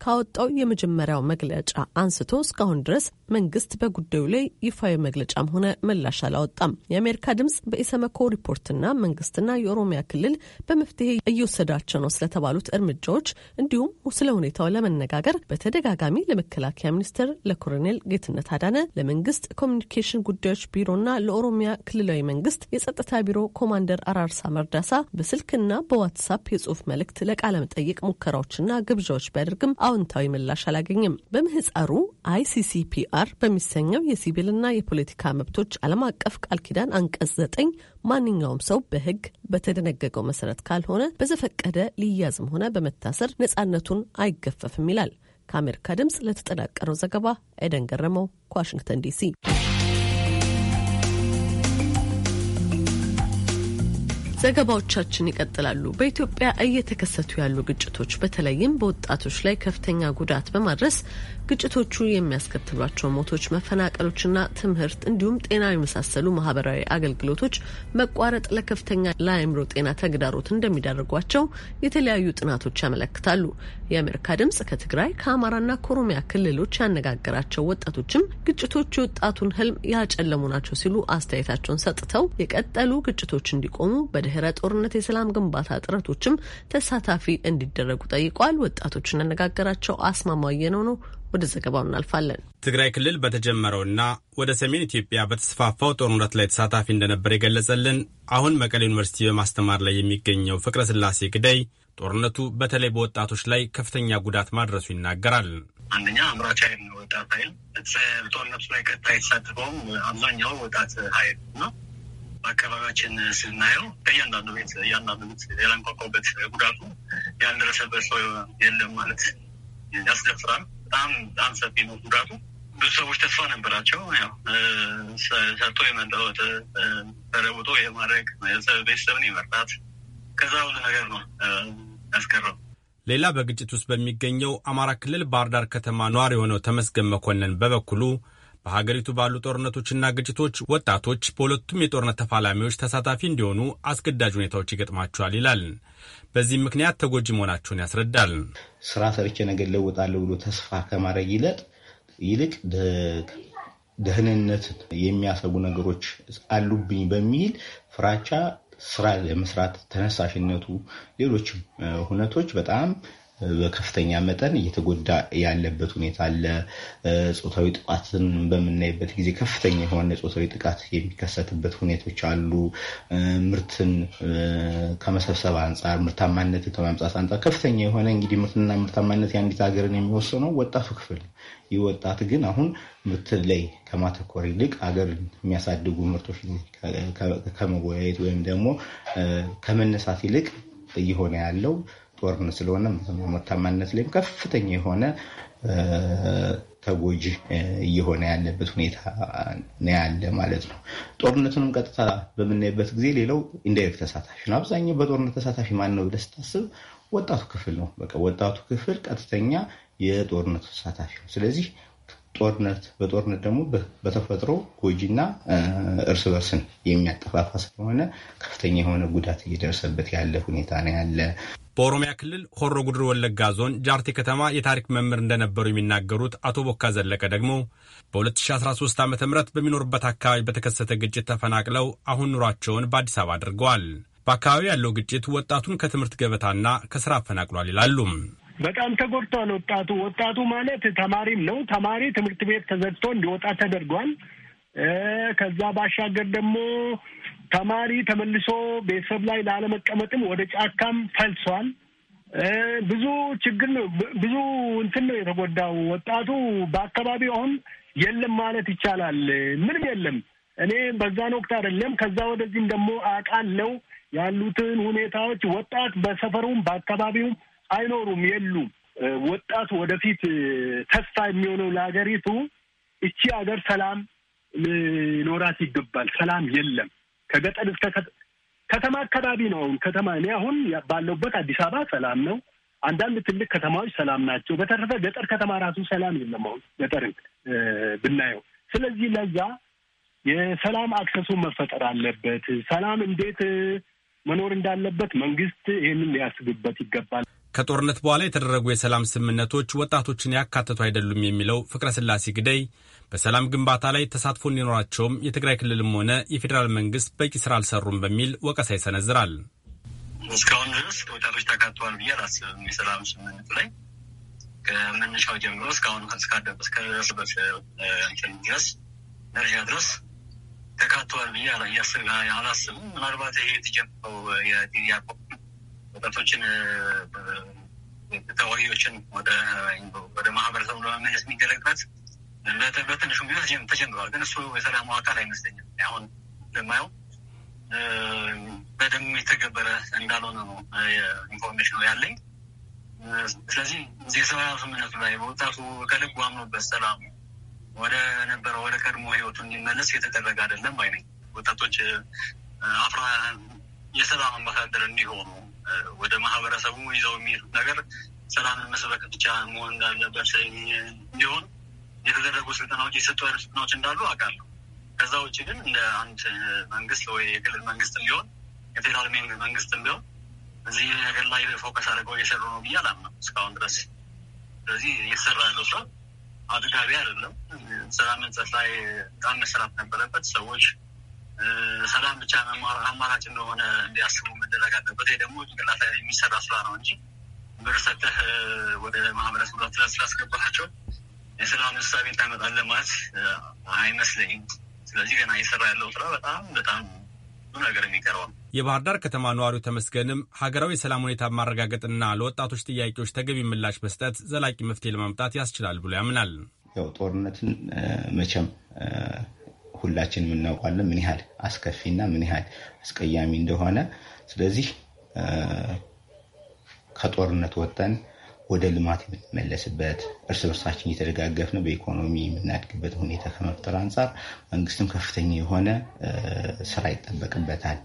ካወጣው የመጀመሪያው መግለጫ አንስቶ እስካሁን ድረስ መንግስት በጉዳዩ ላይ ይፋዊ መግለጫም ሆነ ምላሽ አላወጣም። የአሜሪካ ድምጽ በኢሰመኮ ሪፖርትና መንግስትና የኦሮሚያ ክልል በመፍትሄ እየወሰዳቸው ነው ስለተባሉት እርምጃ እርምጃዎች እንዲሁም ስለ ሁኔታው ለመነጋገር በተደጋጋሚ ለመከላከያ ሚኒስቴር ለኮሎኔል ጌትነት አዳነ፣ ለመንግስት ኮሚኒኬሽን ጉዳዮች ቢሮና ለኦሮሚያ ክልላዊ መንግስት የጸጥታ ቢሮ ኮማንደር አራርሳ መርዳሳ በስልክና በዋትሳፕ የጽሁፍ መልእክት ለቃለመጠይቅ ሙከራዎችና ግብዣዎች ቢያደርግም አዎንታዊ ምላሽ አላገኝም። በምህፃሩ አይሲሲፒአር በሚሰኘው የሲቪልና የፖለቲካ መብቶች ዓለም አቀፍ ቃል ኪዳን አንቀጽ ዘጠኝ ማንኛውም ሰው በህግ በተደነገገው መሰረት ካልሆነ በዘፈቀደ ሊያዝም ሆነ በመታሰር ነጻነቱን አይገፈፍም ይላል። ከአሜሪካ ድምፅ ለተጠናቀረው ዘገባ ኤደን ገረመው ከዋሽንግተን ዲሲ። ዘገባዎቻችን ይቀጥላሉ። በኢትዮጵያ እየተከሰቱ ያሉ ግጭቶች በተለይም በወጣቶች ላይ ከፍተኛ ጉዳት በማድረስ ግጭቶቹ የሚያስከትሏቸው ሞቶች፣ መፈናቀሎችና ትምህርት እንዲሁም ጤና የመሳሰሉ ማህበራዊ አገልግሎቶች መቋረጥ ለከፍተኛ ለአእምሮ ጤና ተግዳሮት እንደሚዳርጓቸው የተለያዩ ጥናቶች ያመለክታሉ። የአሜሪካ ድምጽ ከትግራይ ከአማራና ከኦሮሚያ ክልሎች ያነጋገራቸው ወጣቶችም ግጭቶች የወጣቱን ህልም ያጨለሙ ናቸው ሲሉ አስተያየታቸውን ሰጥተው የቀጠሉ ግጭቶች እንዲቆሙ በድህረ ጦርነት የሰላም ግንባታ ጥረቶችም ተሳታፊ እንዲደረጉ ጠይቋል። ወጣቶችን ያነጋገራቸው አስማማው ነው ነው ወደ ዘገባው እናልፋለን። ትግራይ ክልል በተጀመረውና ወደ ሰሜን ኢትዮጵያ በተስፋፋው ጦርነት ላይ ተሳታፊ እንደነበር የገለጸልን አሁን መቀሌ ዩኒቨርሲቲ በማስተማር ላይ የሚገኘው ፍቅረ ስላሴ ግዳይ ጦርነቱ በተለይ በወጣቶች ላይ ከፍተኛ ጉዳት ማድረሱ ይናገራል። አንደኛ አምራች ኃይል ነው ወጣት ኃይል ጦርነቱ ላይ ቀጥታ የተሳተፈውም አብዛኛው ወጣት ኃይል ነው። በአካባቢያችን ስናየው እያንዳንዱ ቤት እያንዳንዱ ቤት ያላንቋቋበት ጉዳቱ ያልደረሰበት ሰው የለም ማለት ያስደፍራል። በጣም በጣም ሰፊ ነው ጉዳቱ። ብዙ ሰዎች ተስፋ ነበራቸው። ሰጥቶ የመለወጥ ተለውጦ የማድረግ ቤተሰብን የመርዳት ከዛ ሁሉ ነገር ነው ያስቀረው። ሌላ በግጭት ውስጥ በሚገኘው አማራ ክልል ባህር ዳር ከተማ ነዋሪ የሆነው ተመስገን መኮንን በበኩሉ በሀገሪቱ ባሉ ጦርነቶችና ግጭቶች ወጣቶች በሁለቱም የጦርነት ተፋላሚዎች ተሳታፊ እንዲሆኑ አስገዳጅ ሁኔታዎች ይገጥማቸዋል ይላል። በዚህም ምክንያት ተጎጂ መሆናቸውን ያስረዳል። ስራ ሰርቼ ነገ ለውጣለሁ ብሎ ተስፋ ከማድረግ ይለጥ ይልቅ ደህንነት የሚያሰቡ ነገሮች አሉብኝ በሚል ፍራቻ ስራ ለመስራት ተነሳሽነቱ፣ ሌሎችም ሁነቶች በጣም በከፍተኛ መጠን እየተጎዳ ያለበት ሁኔታ አለ። ጾታዊ ጥቃትን በምናይበት ጊዜ ከፍተኛ የሆነ ጾታዊ ጥቃት የሚከሰትበት ሁኔቶች አሉ። ምርትን ከመሰብሰብ አንጻር፣ ምርታማነትን ከማምጣት አንጻር ከፍተኛ የሆነ እንግዲህ ምርትና ምርታማነት የአንዲት ሀገርን የሚወስነው ወጣቱ ክፍል ነው። ይህ ወጣት ግን አሁን ምርት ላይ ከማተኮር ይልቅ ሀገር የሚያሳድጉ ምርቶች ከመወያየት ወይም ደግሞ ከመነሳት ይልቅ እየሆነ ያለው ጦርነት ስለሆነ ምርታማነት ላይም ከፍተኛ የሆነ ተጎጂ እየሆነ ያለበት ሁኔታ ነው ያለ ማለት ነው። ጦርነቱንም ቀጥታ በምናይበት ጊዜ ሌላው ኢንዳይሬክት ተሳታፊ ነው። አብዛኛው በጦርነት ተሳታፊ ማን ነው ብለህ ስታስብ ወጣቱ ክፍል ነው። በቃ ወጣቱ ክፍል ቀጥተኛ የጦርነቱ ተሳታፊ ነው። ስለዚህ ጦርነት በጦርነት ደግሞ በተፈጥሮ ጎጂና እርስ በርስን የሚያጠፋፋ ስለሆነ ከፍተኛ የሆነ ጉዳት እየደረሰበት ያለ ሁኔታ ነው ያለ። በኦሮሚያ ክልል ሆሮ ጉድር ወለጋ ዞን ጃርቴ ከተማ የታሪክ መምህር እንደነበሩ የሚናገሩት አቶ ቦካ ዘለቀ ደግሞ በ2013 ዓ ም በሚኖሩበት አካባቢ በተከሰተ ግጭት ተፈናቅለው አሁን ኑሯቸውን በአዲስ አበባ አድርገዋል። በአካባቢው ያለው ግጭት ወጣቱን ከትምህርት ገበታና ከስራ አፈናቅሏል ይላሉ። በጣም ተጎድቷል ወጣቱ። ወጣቱ ማለት ተማሪም ነው። ተማሪ ትምህርት ቤት ተዘግቶ እንዲወጣ ተደርጓል። ከዛ ባሻገር ደግሞ ተማሪ ተመልሶ ቤተሰብ ላይ ላለመቀመጥም ወደ ጫካም ፈልሷል። ብዙ ችግር ነው። ብዙ እንትን ነው የተጎዳው ወጣቱ። በአካባቢው አሁን የለም ማለት ይቻላል፣ ምንም የለም። እኔ በዛን ወቅት አይደለም ከዛ ወደዚህም ደግሞ አውቃለሁ ያሉትን ሁኔታዎች። ወጣት በሰፈሩም በአካባቢውም አይኖሩም፣ የሉም። ወጣቱ ወደፊት ተስፋ የሚሆነው ለሀገሪቱ፣ እቺ ሀገር ሰላም ሊኖራት ይገባል። ሰላም የለም። ከገጠር እስከ ከተማ አካባቢ ነው። አሁን ከተማ እኔ አሁን ባለሁበት አዲስ አበባ ሰላም ነው። አንዳንድ ትልቅ ከተማዎች ሰላም ናቸው። በተረፈ ገጠር ከተማ ራሱ ሰላም የለም። አሁን ገጠርን ብናየው፣ ስለዚህ ለዛ የሰላም አክሰሱ መፈጠር አለበት። ሰላም እንዴት መኖር እንዳለበት መንግስት ይህንን ሊያስብበት ይገባል። ከጦርነት በኋላ የተደረጉ የሰላም ስምምነቶች ወጣቶችን ያካተቱ አይደሉም የሚለው ፍቅረ ስላሴ ግደይ በሰላም ግንባታ ላይ ተሳትፎ እንዲኖራቸውም የትግራይ ክልልም ሆነ የፌዴራል መንግስት በቂ ስራ አልሰሩም በሚል ወቀሳ ይሰነዝራል። እስካሁን ድረስ ወጣቶች ተካተዋል ብዬ አላስብም። የሰላም ስምምነት ላይ ከመነሻው ጀምሮ እስካሁን እስካደረስ ከደረስበት እንትን ድረስ ደረጃ ድረስ ተካተዋል ብዬ አላስብም። ምናልባት ይሄ የተጀመረው የዲያቆ ወጣቶችን ተወያዮችን ወደ ማህበረሰቡ ለመመለስ የሚደረግበት በትንሹ ቢሆን ተጀምረዋል። ግን እሱ የሰላሙ አካል አይመስለኝም። አሁን እንደማየው በደንብ የተገበረ እንዳልሆነ ነው ኢንፎርሜሽኑ ያለኝ። ስለዚህ እዚህ ስምምነቱ ላይ በወጣቱ ከልቡ አምኖበት ሰላሙ ወደ ነበረ ወደ ቀድሞ ህይወቱ እንዲመለስ የተደረገ አይደለም አይነኝ ወጣቶች አፍራ የሰላም አምባሳደር እንዲሆኑ ወደ ማህበረሰቡ ይዘው የሚሄዱት ነገር ሰላምን መስበክ ብቻ መሆን እንዳለበት ቢሆን የተደረጉ ስልጠናዎች የሰጡ ያሉ ስልጠናዎች እንዳሉ አውቃለሁ። ከዛ ውጭ ግን እንደ አንድ መንግስት ወይ የክልል መንግስት ቢሆን የፌዴራል መንግስት ቢሆን እዚህ ነገር ላይ ፎከስ አድርገው እየሰሩ ነው ብዬ አላምነው እስካሁን ድረስ። ስለዚህ እየተሰራ ያለው ስራ አጥጋቢ አይደለም። ስራ መንጸት ላይ በጣም መሰራት ነበረበት ሰዎች ሰላም ብቻ አማራጭ እንደሆነ እንዲያስቡ መደረግ አለበት። ይህ ደግሞ ጭንቅላት ላይ የሚሰራ ስራ ነው እንጂ ብር ሰጥተህ ወደ ማህበረሰብ ስላስገባቸው የሰላም እሳቤ ታመጣለህ ማለት አይመስለኝም። ስለዚህ ገና እየሰራ ያለው ስራ በጣም በጣም ብዙ የባህር ዳር ከተማ ነዋሪው ተመስገንም ሀገራዊ የሰላም ሁኔታ ማረጋገጥና ለወጣቶች ጥያቄዎች ተገቢ ምላሽ መስጠት ዘላቂ መፍትሄ ለማምጣት ያስችላል ብሎ ያምናል። ያው ጦርነትን መቼም ሁላችን የምናውቋለን ምን ያህል አስከፊና ምን ያህል አስቀያሚ እንደሆነ። ስለዚህ ከጦርነት ወጥተን ወደ ልማት የምንመለስበት እርስ በርሳችን እየተደጋገፍን በኢኮኖሚ የምናድግበት ሁኔታ ከመፍጠር አንጻር መንግስትም ከፍተኛ የሆነ ስራ ይጠበቅበታል።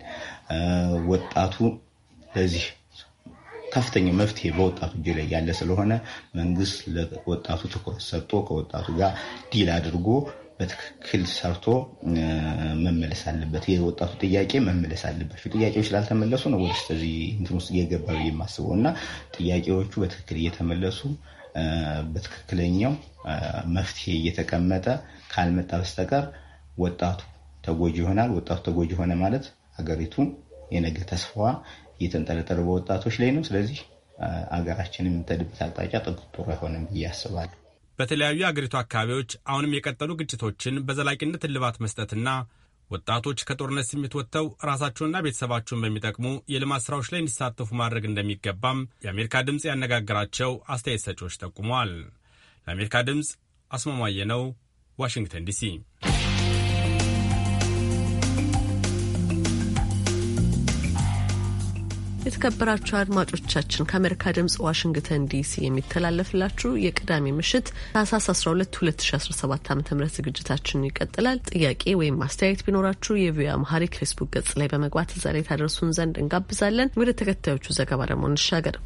ወጣቱ ለዚህ ከፍተኛ መፍትሄ በወጣቱ እጅ ላይ ያለ ስለሆነ መንግስት ለወጣቱ ትኩረት ሰጥቶ ከወጣቱ ጋር ዲል አድርጎ በትክክል ሰርቶ መመለስ አለበት። የወጣቱ ጥያቄ መመለስ አለባቸው። ጥያቄዎች ስላልተመለሱ ነው ወደ ስተዚህ እንትን ውስጥ እየገባ የማስበው እና ጥያቄዎቹ በትክክል እየተመለሱ በትክክለኛው መፍትሄ እየተቀመጠ ካልመጣ በስተቀር ወጣቱ ተጎጂ ይሆናል። ወጣቱ ተጎጂ ሆነ ማለት ሀገሪቱ የነገ ተስፋዋ እየተንጠለጠለ በወጣቶች ላይ ነው። ስለዚህ አገራችንም የምንተድበት አቅጣጫ ጥሩ አይሆንም ብዬ አስባለሁ። በተለያዩ የአገሪቱ አካባቢዎች አሁንም የቀጠሉ ግጭቶችን በዘላቂነት እልባት መስጠትና ወጣቶች ከጦርነት ስሜት ወጥተው ራሳቸውንና ቤተሰባቸውን በሚጠቅሙ የልማት ስራዎች ላይ እንዲሳተፉ ማድረግ እንደሚገባም የአሜሪካ ድምፅ ያነጋገራቸው አስተያየት ሰጪዎች ጠቁመዋል። ለአሜሪካ ድምፅ አስማማየ ነው፣ ዋሽንግተን ዲሲ። የተከበራችሁ አድማጮቻችን ከአሜሪካ ድምጽ ዋሽንግተን ዲሲ የሚተላለፍላችሁ የቅዳሜ ምሽት ታህሳስ 12 2017 ዓ ም ዝግጅታችን ይቀጥላል። ጥያቄ ወይም አስተያየት ቢኖራችሁ የቪኦኤ አማሪክ ፌስቡክ ገጽ ላይ በመግባት እዛ ላይ ታደርሱን ዘንድ እንጋብዛለን። ወደ ተከታዮቹ ዘገባ ደግሞ እንሻገር።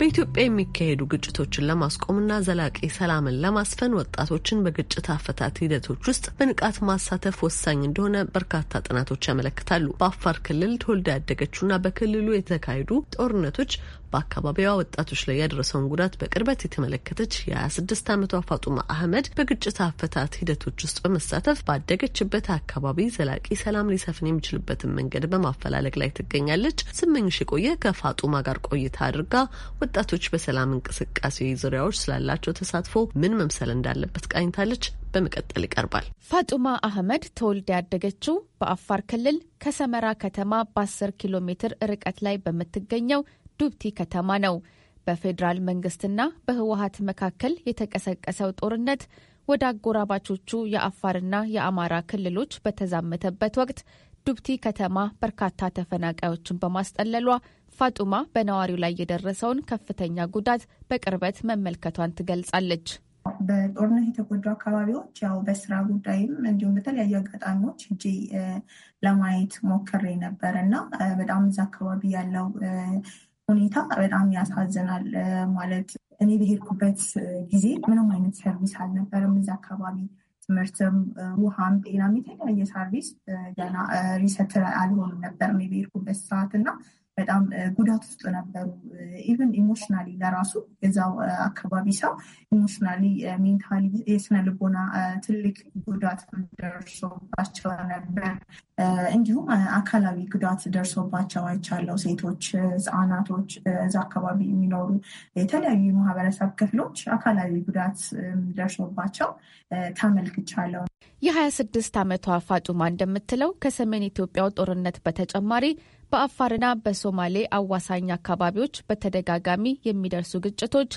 በኢትዮጵያ የሚካሄዱ ግጭቶችን ለማስቆምና ዘላቂ ሰላምን ለማስፈን ወጣቶችን በግጭት አፈታት ሂደቶች ውስጥ በንቃት ማሳተፍ ወሳኝ እንደሆነ በርካታ ጥናቶች ያመለክታሉ። በአፋር ክልል ተወልዳ ያደገችውና በክልሉ የተካሄዱ ጦርነቶች በአካባቢዋ ወጣቶች ላይ ያደረሰውን ጉዳት በቅርበት የተመለከተች የ26 ዓመቷ ፋጡማ አህመድ በግጭት አፈታት ሂደቶች ውስጥ በመሳተፍ ባደገችበት አካባቢ ዘላቂ ሰላም ሊሰፍን የሚችልበትን መንገድ በማፈላለግ ላይ ትገኛለች። ስመኝሽ የቆየ ከፋጡማ ጋር ቆይታ አድርጋ ወጣቶች በሰላም እንቅስቃሴ ዙሪያዎች ስላላቸው ተሳትፎ ምን መምሰል እንዳለበት ቃኝታለች። በመቀጠል ይቀርባል። ፋጡማ አህመድ ተወልዳ ያደገችው በአፋር ክልል ከሰመራ ከተማ በ10 ኪሎ ሜትር ርቀት ላይ በምትገኘው ዱብቲ ከተማ ነው። በፌዴራል መንግስትና በህወሀት መካከል የተቀሰቀሰው ጦርነት ወደ አጎራባቾቹ የአፋርና የአማራ ክልሎች በተዛመተበት ወቅት ዱብቲ ከተማ በርካታ ተፈናቃዮችን በማስጠለሏ ፋጡማ በነዋሪው ላይ የደረሰውን ከፍተኛ ጉዳት በቅርበት መመልከቷን ትገልጻለች። በጦርነት የተጎዱ አካባቢዎች ያው በስራ ጉዳይም እንዲሁም በተለያዩ አጋጣሚዎች እጅ ለማየት ሞክሬ ነበር እና በጣም እዛ አካባቢ ያለው ሁኔታ በጣም ያሳዝናል። ማለት እኔ በሄድኩበት ጊዜ ምንም አይነት ሰርቪስ አልነበረም እዚ አካባቢ ትምህርትም፣ ውሃም፣ ጤናም የተለያየ ሰርቪስ ገና ሪሰት አልሆኑ ነበር የሄድኩበት ሰዓት እና በጣም ጉዳት ውስጥ ነበሩ። ኢቨን ኢሞሽናሊ ለራሱ የዛው አካባቢ ሰው ኢሞሽናሊ፣ ሜንታሊ የስነ ልቦና ትልቅ ጉዳት ደርሶባቸው ነበር። እንዲሁም አካላዊ ጉዳት ደርሶባቸው አይቻለው። ሴቶች፣ ህፃናቶች፣ እዛ አካባቢ የሚኖሩ የተለያዩ የማህበረሰብ ክፍሎች አካላዊ ጉዳት ደርሶባቸው ተመልክቻለው። የሀያ ስድስት ዓመቷ ፋጡማ እንደምትለው ከሰሜን ኢትዮጵያው ጦርነት በተጨማሪ በአፋርና በሶማሌ አዋሳኝ አካባቢዎች በተደጋጋሚ የሚደርሱ ግጭቶች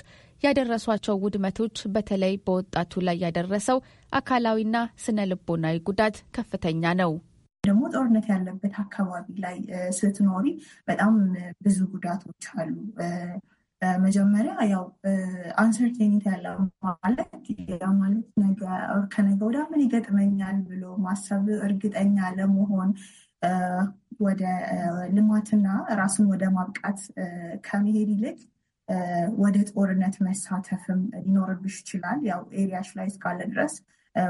ያደረሷቸው ውድመቶች በተለይ በወጣቱ ላይ ያደረሰው አካላዊና ስነ ልቦናዊ ጉዳት ከፍተኛ ነው። ደግሞ ጦርነት ያለበት አካባቢ ላይ ስትኖሪ በጣም ብዙ ጉዳቶች አሉ። መጀመሪያ ያው አንሰርቴኒት ያለው ማለት ማለት ከነገ ወዲያ ምን ይገጥመኛል ብሎ ማሰብ፣ እርግጠኛ ለመሆን ወደ ልማትና ራሱን ወደ ማብቃት ከመሄድ ይልቅ ወደ ጦርነት መሳተፍም ሊኖርብሽ ይችላል። ያው ኤሪያሽ ላይ እስካለ ድረስ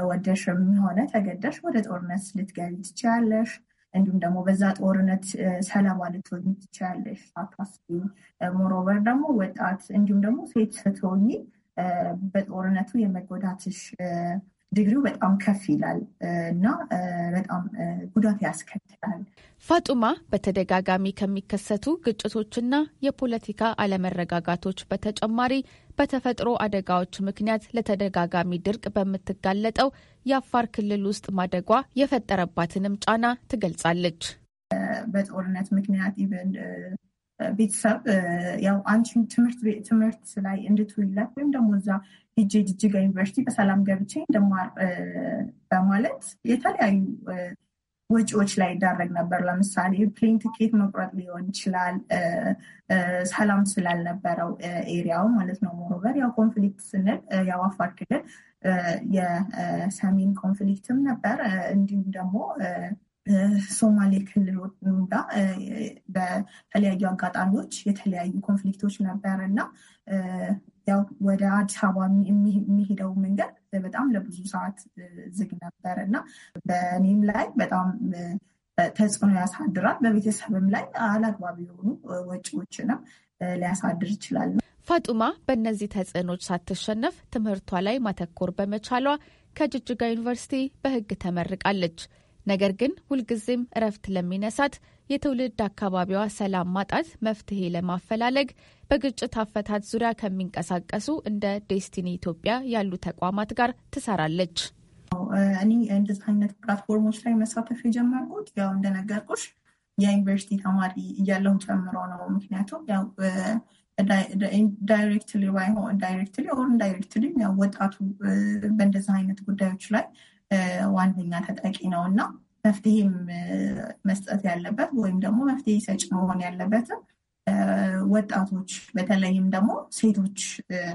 ወደሽም ሆነ ተገደሽ ወደ ጦርነት ልትገቢ ትችያለሽ። እንዲሁም ደግሞ በዛ ጦርነት ሰለባ ልትሆኝ ትችያለሽ። ሳታስቢ ሞሮቨር ደግሞ ወጣት እንዲሁም ደግሞ ሴት ስትሆኝ በጦርነቱ የመጎዳትሽ ዲግሪው በጣም ከፍ ይላል እና በጣም ጉዳት ያስከትላል። ፋጡማ በተደጋጋሚ ከሚከሰቱ ግጭቶችና የፖለቲካ አለመረጋጋቶች በተጨማሪ በተፈጥሮ አደጋዎች ምክንያት ለተደጋጋሚ ድርቅ በምትጋለጠው የአፋር ክልል ውስጥ ማደጓ የፈጠረባትንም ጫና ትገልጻለች። በጦርነት ምክንያት ኢቨን ቤተሰብ ያው አንቺም ትምህርት ላይ እንድትውይለት ወይም ደግሞ እዛ ሄጄ ጅጅጋ ዩኒቨርሲቲ በሰላም ገብቼ እንደማር በማለት የተለያዩ ወጪዎች ላይ ይዳረግ ነበር። ለምሳሌ ፕሌን ትኬት መቁረጥ ሊሆን ይችላል። ሰላም ስላልነበረው ኤሪያው ማለት ነው። ሞሮበር ያው ኮንፍሊክት ስንል ያው አፋር ክልል የሰሜን ኮንፍሊክትም ነበር እንዲሁም ደግሞ ሶማሌ ክልል ጋር በተለያዩ አጋጣሚዎች የተለያዩ ኮንፍሊክቶች ነበር እና ያው ወደ አዲስ አበባ የሚሄደው መንገድ በጣም ለብዙ ሰዓት ዝግ ነበር እና በእኔም ላይ በጣም ተጽዕኖ ያሳድራል። በቤተሰብም ላይ አላግባብ የሆኑ ወጪዎችንም ሊያሳድር ይችላል። ፋጡማ በእነዚህ ተጽዕኖች ሳትሸነፍ ትምህርቷ ላይ ማተኮር በመቻሏ ከጅጅጋ ዩኒቨርሲቲ በሕግ ተመርቃለች። ነገር ግን ሁልጊዜም እረፍት ለሚነሳት የትውልድ አካባቢዋ ሰላም ማጣት መፍትሄ ለማፈላለግ በግጭት አፈታት ዙሪያ ከሚንቀሳቀሱ እንደ ዴስቲኒ ኢትዮጵያ ያሉ ተቋማት ጋር ትሰራለች። እኔ እንደዚ አይነት ፕላትፎርሞች ላይ መሳተፍ የጀመርኩት ያው እንደነገርኩሽ የዩኒቨርሲቲ ተማሪ እያለሁ ጨምሮ ነው። ምክንያቱም ዳይሬክትሊ ባይሆን ዳይሬክትሊ ኦር ኢንዳይሬክትሊ ያው ወጣቱ በእንደዚህ አይነት ጉዳዮች ላይ ዋነኛ ተጠቂ ነው እና መፍትሄም መስጠት ያለበት ወይም ደግሞ መፍትሄ ሰጭ መሆን ያለበትም ወጣቶች በተለይም ደግሞ ሴቶች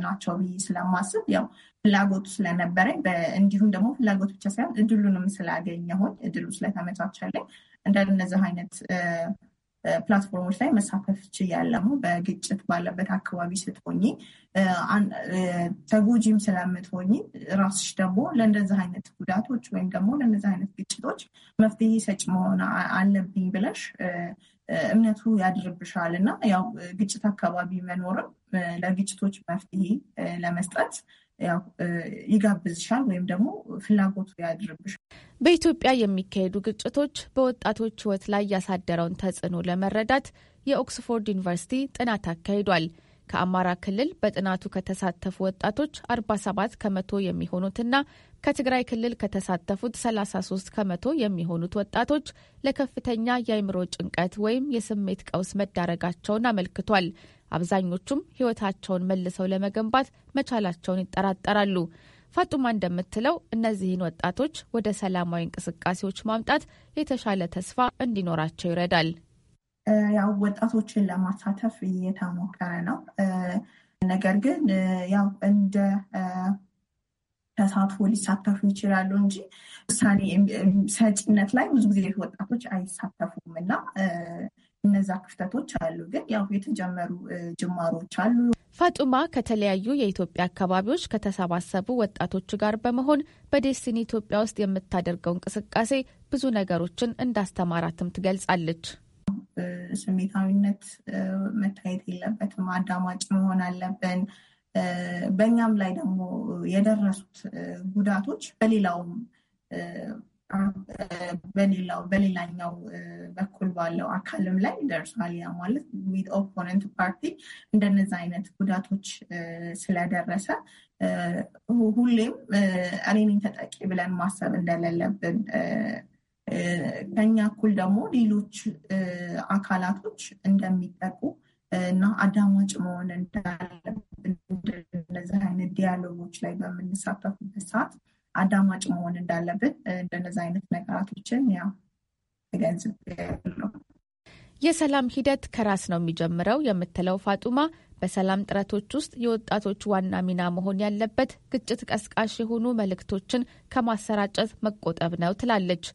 ናቸው ብዬ ስለማስብ ያው ፍላጎቱ ስለነበረኝ እንዲሁም ደግሞ ፍላጎት ብቻ ሳይሆን እድሉንም ስላገኘሁኝ እድሉ ስለተመቻቸልኝ እነዚህ አይነት ፕላትፎርሞች ላይ መሳተፍ ችያለሁ። በግጭት ባለበት አካባቢ ስትሆኝ ተጎጂም ስለምትሆኝ ራስሽ ደግሞ ለእንደዚህ አይነት ጉዳቶች ወይም ደግሞ ለእንደዚህ አይነት ግጭቶች መፍትሄ ሰጭ መሆን አለብኝ ብለሽ እምነቱ ያድርብሻል እና ያው ግጭት አካባቢ መኖርም ለግጭቶች መፍትሄ ለመስጠት ይጋብዝሻል ወይም ደግሞ ፍላጎቱ ያድርብሻል። በኢትዮጵያ የሚካሄዱ ግጭቶች በወጣቶች ሕይወት ላይ ያሳደረውን ተጽዕኖ ለመረዳት የኦክስፎርድ ዩኒቨርሲቲ ጥናት አካሂዷል። ከአማራ ክልል በጥናቱ ከተሳተፉ ወጣቶች 47 ከመቶ የሚሆኑትና ከትግራይ ክልል ከተሳተፉት 33 ከመቶ የሚሆኑት ወጣቶች ለከፍተኛ የአይምሮ ጭንቀት ወይም የስሜት ቀውስ መዳረጋቸውን አመልክቷል። አብዛኞቹም ህይወታቸውን መልሰው ለመገንባት መቻላቸውን ይጠራጠራሉ። ፋጡማ እንደምትለው እነዚህን ወጣቶች ወደ ሰላማዊ እንቅስቃሴዎች ማምጣት የተሻለ ተስፋ እንዲኖራቸው ይረዳል። ያው ወጣቶችን ለማሳተፍ እየተሞከረ ነው። ነገር ግን ያው እንደ ተሳትፎ ሊሳተፉ ይችላሉ እንጂ ውሳኔ ሰጪነት ላይ ብዙ ጊዜ ወጣቶች አይሳተፉም እና እነዛ ክፍተቶች አሉ። ግን ያው የተጀመሩ ጅማሮች አሉ። ፋጡማ ከተለያዩ የኢትዮጵያ አካባቢዎች ከተሰባሰቡ ወጣቶች ጋር በመሆን በዴስቲኒ ኢትዮጵያ ውስጥ የምታደርገው እንቅስቃሴ ብዙ ነገሮችን እንዳስተማራትም ትገልጻለች። ስሜታዊነት መታየት የለበትም፣ አዳማጭ መሆን አለብን። በእኛም ላይ ደግሞ የደረሱት ጉዳቶች በሌላውም በሌላው በሌላኛው በኩል ባለው አካልም ላይ ደርሷል። ያ ማለት ዊት ኦፖነንት ፓርቲ እንደነዚ አይነት ጉዳቶች ስለደረሰ ሁሌም እኔን ተጠቂ ብለን ማሰብ እንደሌለብን ከኛ እኩል ደግሞ ሌሎች አካላቶች እንደሚጠቁ እና አዳማጭ መሆን እንዳለብን እንደነዚህ አይነት ዲያሎጎች ላይ በምንሳተፉበት ሰዓት አዳማጭ መሆን እንዳለብን እንደነዚ አይነት ነገራቶችን ያው ተገንዝብ ነው። የሰላም ሂደት ከራስ ነው የሚጀምረው የምትለው ፋጡማ በሰላም ጥረቶች ውስጥ የወጣቶች ዋና ሚና መሆን ያለበት ግጭት ቀስቃሽ የሆኑ መልእክቶችን ከማሰራጨት መቆጠብ ነው ትላለች።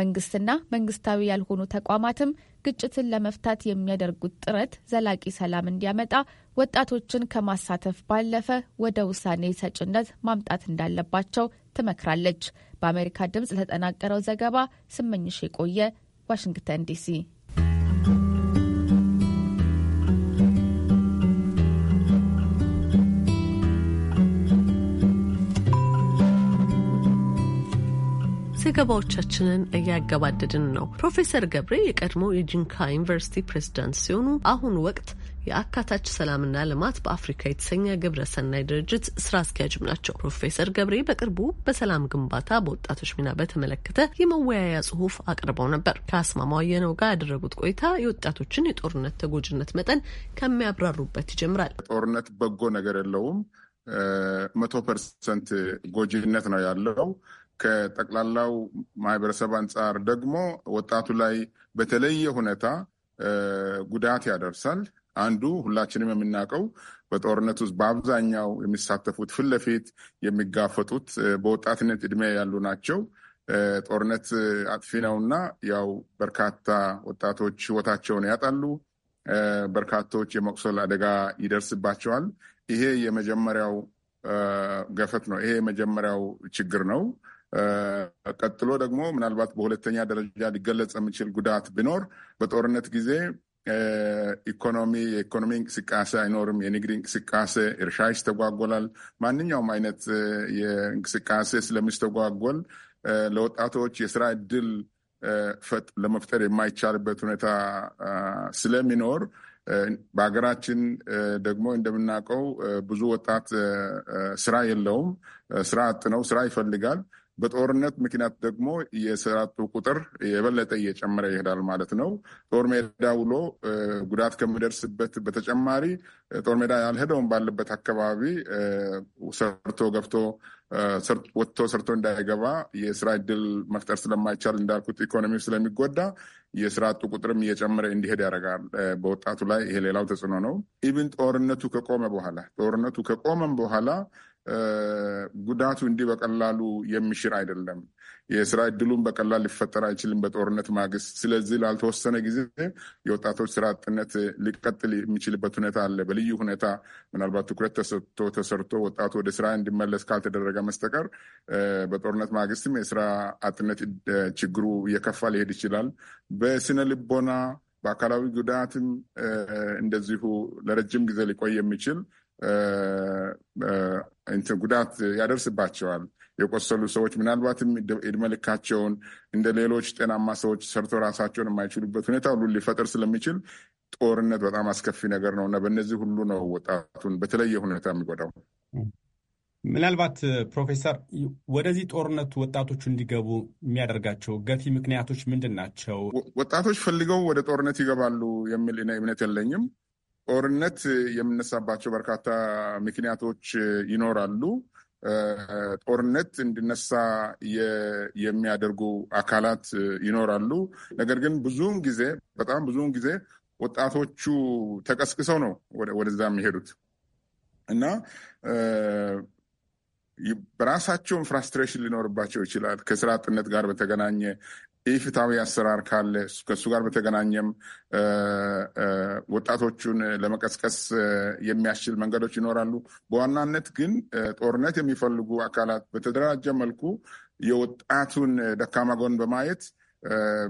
መንግስትና መንግስታዊ ያልሆኑ ተቋማትም ግጭትን ለመፍታት የሚያደርጉት ጥረት ዘላቂ ሰላም እንዲያመጣ ወጣቶችን ከማሳተፍ ባለፈ ወደ ውሳኔ ሰጭነት ማምጣት እንዳለባቸው ትመክራለች። በአሜሪካ ድምፅ ለተጠናቀረው ዘገባ ስመኝሽ የቆየ ዋሽንግተን ዲሲ። ዘገባዎቻችንን እያገባደድን ነው። ፕሮፌሰር ገብሬ የቀድሞ የጂንካ ዩኒቨርሲቲ ፕሬዝዳንት ሲሆኑ አሁን ወቅት የአካታች ሰላምና ልማት በአፍሪካ የተሰኘ ግብረ ሰናይ ድርጅት ስራ አስኪያጅም ናቸው። ፕሮፌሰር ገብሬ በቅርቡ በሰላም ግንባታ በወጣቶች ሚና በተመለከተ የመወያያ ጽሁፍ አቅርበው ነበር። ከአስማማ ጋር ያደረጉት ቆይታ የወጣቶችን የጦርነት ተጎጂነት መጠን ከሚያብራሩበት ይጀምራል። ጦርነት በጎ ነገር የለውም። መቶ ፐርሰንት ጎጂነት ነው ያለው። ከጠቅላላው ማህበረሰብ አንጻር ደግሞ ወጣቱ ላይ በተለየ ሁኔታ ጉዳት ያደርሳል። አንዱ ሁላችንም የምናውቀው በጦርነት ውስጥ በአብዛኛው የሚሳተፉት ፊት ለፊት የሚጋፈጡት በወጣትነት እድሜ ያሉ ናቸው። ጦርነት አጥፊ ነውና ያው በርካታ ወጣቶች ህይወታቸውን ያጣሉ። በርካቶች የመቁሰል አደጋ ይደርስባቸዋል። ይሄ የመጀመሪያው ገፈት ነው። ይሄ የመጀመሪያው ችግር ነው። ቀጥሎ ደግሞ ምናልባት በሁለተኛ ደረጃ ሊገለጽ የሚችል ጉዳት ቢኖር በጦርነት ጊዜ ኢኮኖሚ eh, የኢኮኖሚ እንቅስቃሴ አይኖርም። የንግድ እንቅስቃሴ፣ እርሻ ይስተጓጎላል። ማንኛውም አይነት eh, የእንቅስቃሴ ስለሚስተጓጎል eh, ለወጣቶች የስራ እድል ለመፍጠር የማይቻልበት ሁኔታ ah, ስለሚኖር በሀገራችን ደግሞ እንደምናውቀው ብዙ ወጣት ስራ የለውም፣ ስራ አጥ ነው፣ ስራ ይፈልጋል። በጦርነት ምክንያት ደግሞ የስራቱ ቁጥር የበለጠ እየጨመረ ይሄዳል ማለት ነው። ጦር ሜዳ ውሎ ጉዳት ከሚደርስበት በተጨማሪ ጦር ሜዳ ያልሄደውን ባለበት አካባቢ ሰርቶ ገብቶ ወጥቶ ሰርቶ እንዳይገባ የስራ እድል መፍጠር ስለማይቻል እንዳልኩት ኢኮኖሚ ስለሚጎዳ የስራ አጡ ቁጥርም እየጨመረ እንዲሄድ ያደርጋል በወጣቱ ላይ። ይሄ ሌላው ተጽዕኖ ነው። ኢብን ጦርነቱ ከቆመ በኋላ ጦርነቱ ከቆመም በኋላ ጉዳቱ እንዲህ በቀላሉ የሚሽር አይደለም። የስራ እድሉን በቀላል ሊፈጠር አይችልም በጦርነት ማግስት። ስለዚህ ላልተወሰነ ጊዜ የወጣቶች ስራ አጥነት ሊቀጥል የሚችልበት ሁኔታ አለ። በልዩ ሁኔታ ምናልባት ትኩረት ተሰጥቶ ተሰርቶ ወጣቱ ወደ ስራ እንዲመለስ ካልተደረገ መስጠቀር በጦርነት ማግስትም የስራ አጥነት ችግሩ እየከፋ ሊሄድ ይችላል። በስነ ልቦና በአካላዊ ጉዳትም እንደዚሁ ለረጅም ጊዜ ሊቆይ የሚችል እንትን ጉዳት ያደርስባቸዋል። የቆሰሉ ሰዎች ምናልባትም እድሜ ልካቸውን እንደ ሌሎች ጤናማ ሰዎች ሰርቶ ራሳቸውን የማይችሉበት ሁኔታ ሁሉ ሊፈጠር ስለሚችል ጦርነት በጣም አስከፊ ነገር ነው እና በእነዚህ ሁሉ ነው ወጣቱን በተለየ ሁኔታ የሚጎዳው። ምናልባት ፕሮፌሰር ወደዚህ ጦርነት ወጣቶቹ እንዲገቡ የሚያደርጋቸው ገፊ ምክንያቶች ምንድን ናቸው? ወጣቶች ፈልገው ወደ ጦርነት ይገባሉ የሚል እምነት የለኝም። ጦርነት የምነሳባቸው በርካታ ምክንያቶች ይኖራሉ። ጦርነት እንዲነሳ የሚያደርጉ አካላት ይኖራሉ። ነገር ግን ብዙውን ጊዜ በጣም ብዙውን ጊዜ ወጣቶቹ ተቀስቅሰው ነው ወደዛ የሚሄዱት እና በራሳቸውን ፍራስትሬሽን ሊኖርባቸው ይችላል። ከስራ አጥነት ጋር በተገናኘ ይህ አሰራር ካለ ከእሱ ጋር በተገናኘም ወጣቶቹን ለመቀስቀስ የሚያስችል መንገዶች ይኖራሉ። በዋናነት ግን ጦርነት የሚፈልጉ አካላት በተደራጀ መልኩ የወጣቱን ደካማ ጎን በማየት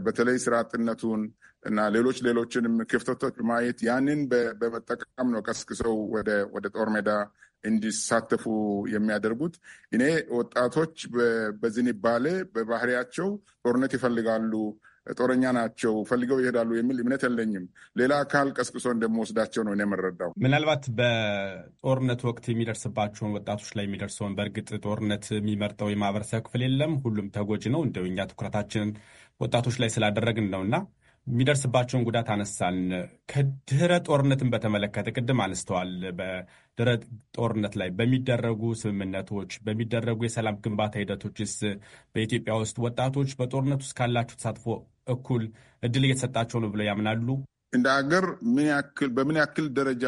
በተለይ ስራ አጥነቱን እና ሌሎች ሌሎችንም ክፍተቶች በማየት ያንን በመጠቀም ነው ቀስቅሰው ወደ ጦር ሜዳ እንዲሳተፉ የሚያደርጉት። እኔ ወጣቶች በዝንባሌ በባህሪያቸው ጦርነት ይፈልጋሉ፣ ጦረኛ ናቸው፣ ፈልገው ይሄዳሉ የሚል እምነት የለኝም። ሌላ አካል ቀስቅሶ እንደመወስዳቸው ነው የምረዳው። ምናልባት በጦርነት ወቅት የሚደርስባቸውን ወጣቶች ላይ የሚደርሰውን በእርግጥ ጦርነት የሚመርጠው የማህበረሰብ ክፍል የለም፣ ሁሉም ተጎጂ ነው። እንደው እኛ ትኩረታችንን ወጣቶች ላይ ስላደረግን ነውና የሚደርስባቸውን ጉዳት አነሳን። ከድህረ ጦርነትን በተመለከተ ቅድም አንስተዋል። በድህረ ጦርነት ላይ በሚደረጉ ስምምነቶች፣ በሚደረጉ የሰላም ግንባታ ሂደቶችስ በኢትዮጵያ ውስጥ ወጣቶች በጦርነት ውስጥ ካላቸው ተሳትፎ እኩል እድል እየተሰጣቸው ነው ብለው ያምናሉ? እንደ አገር በምን ያክል ደረጃ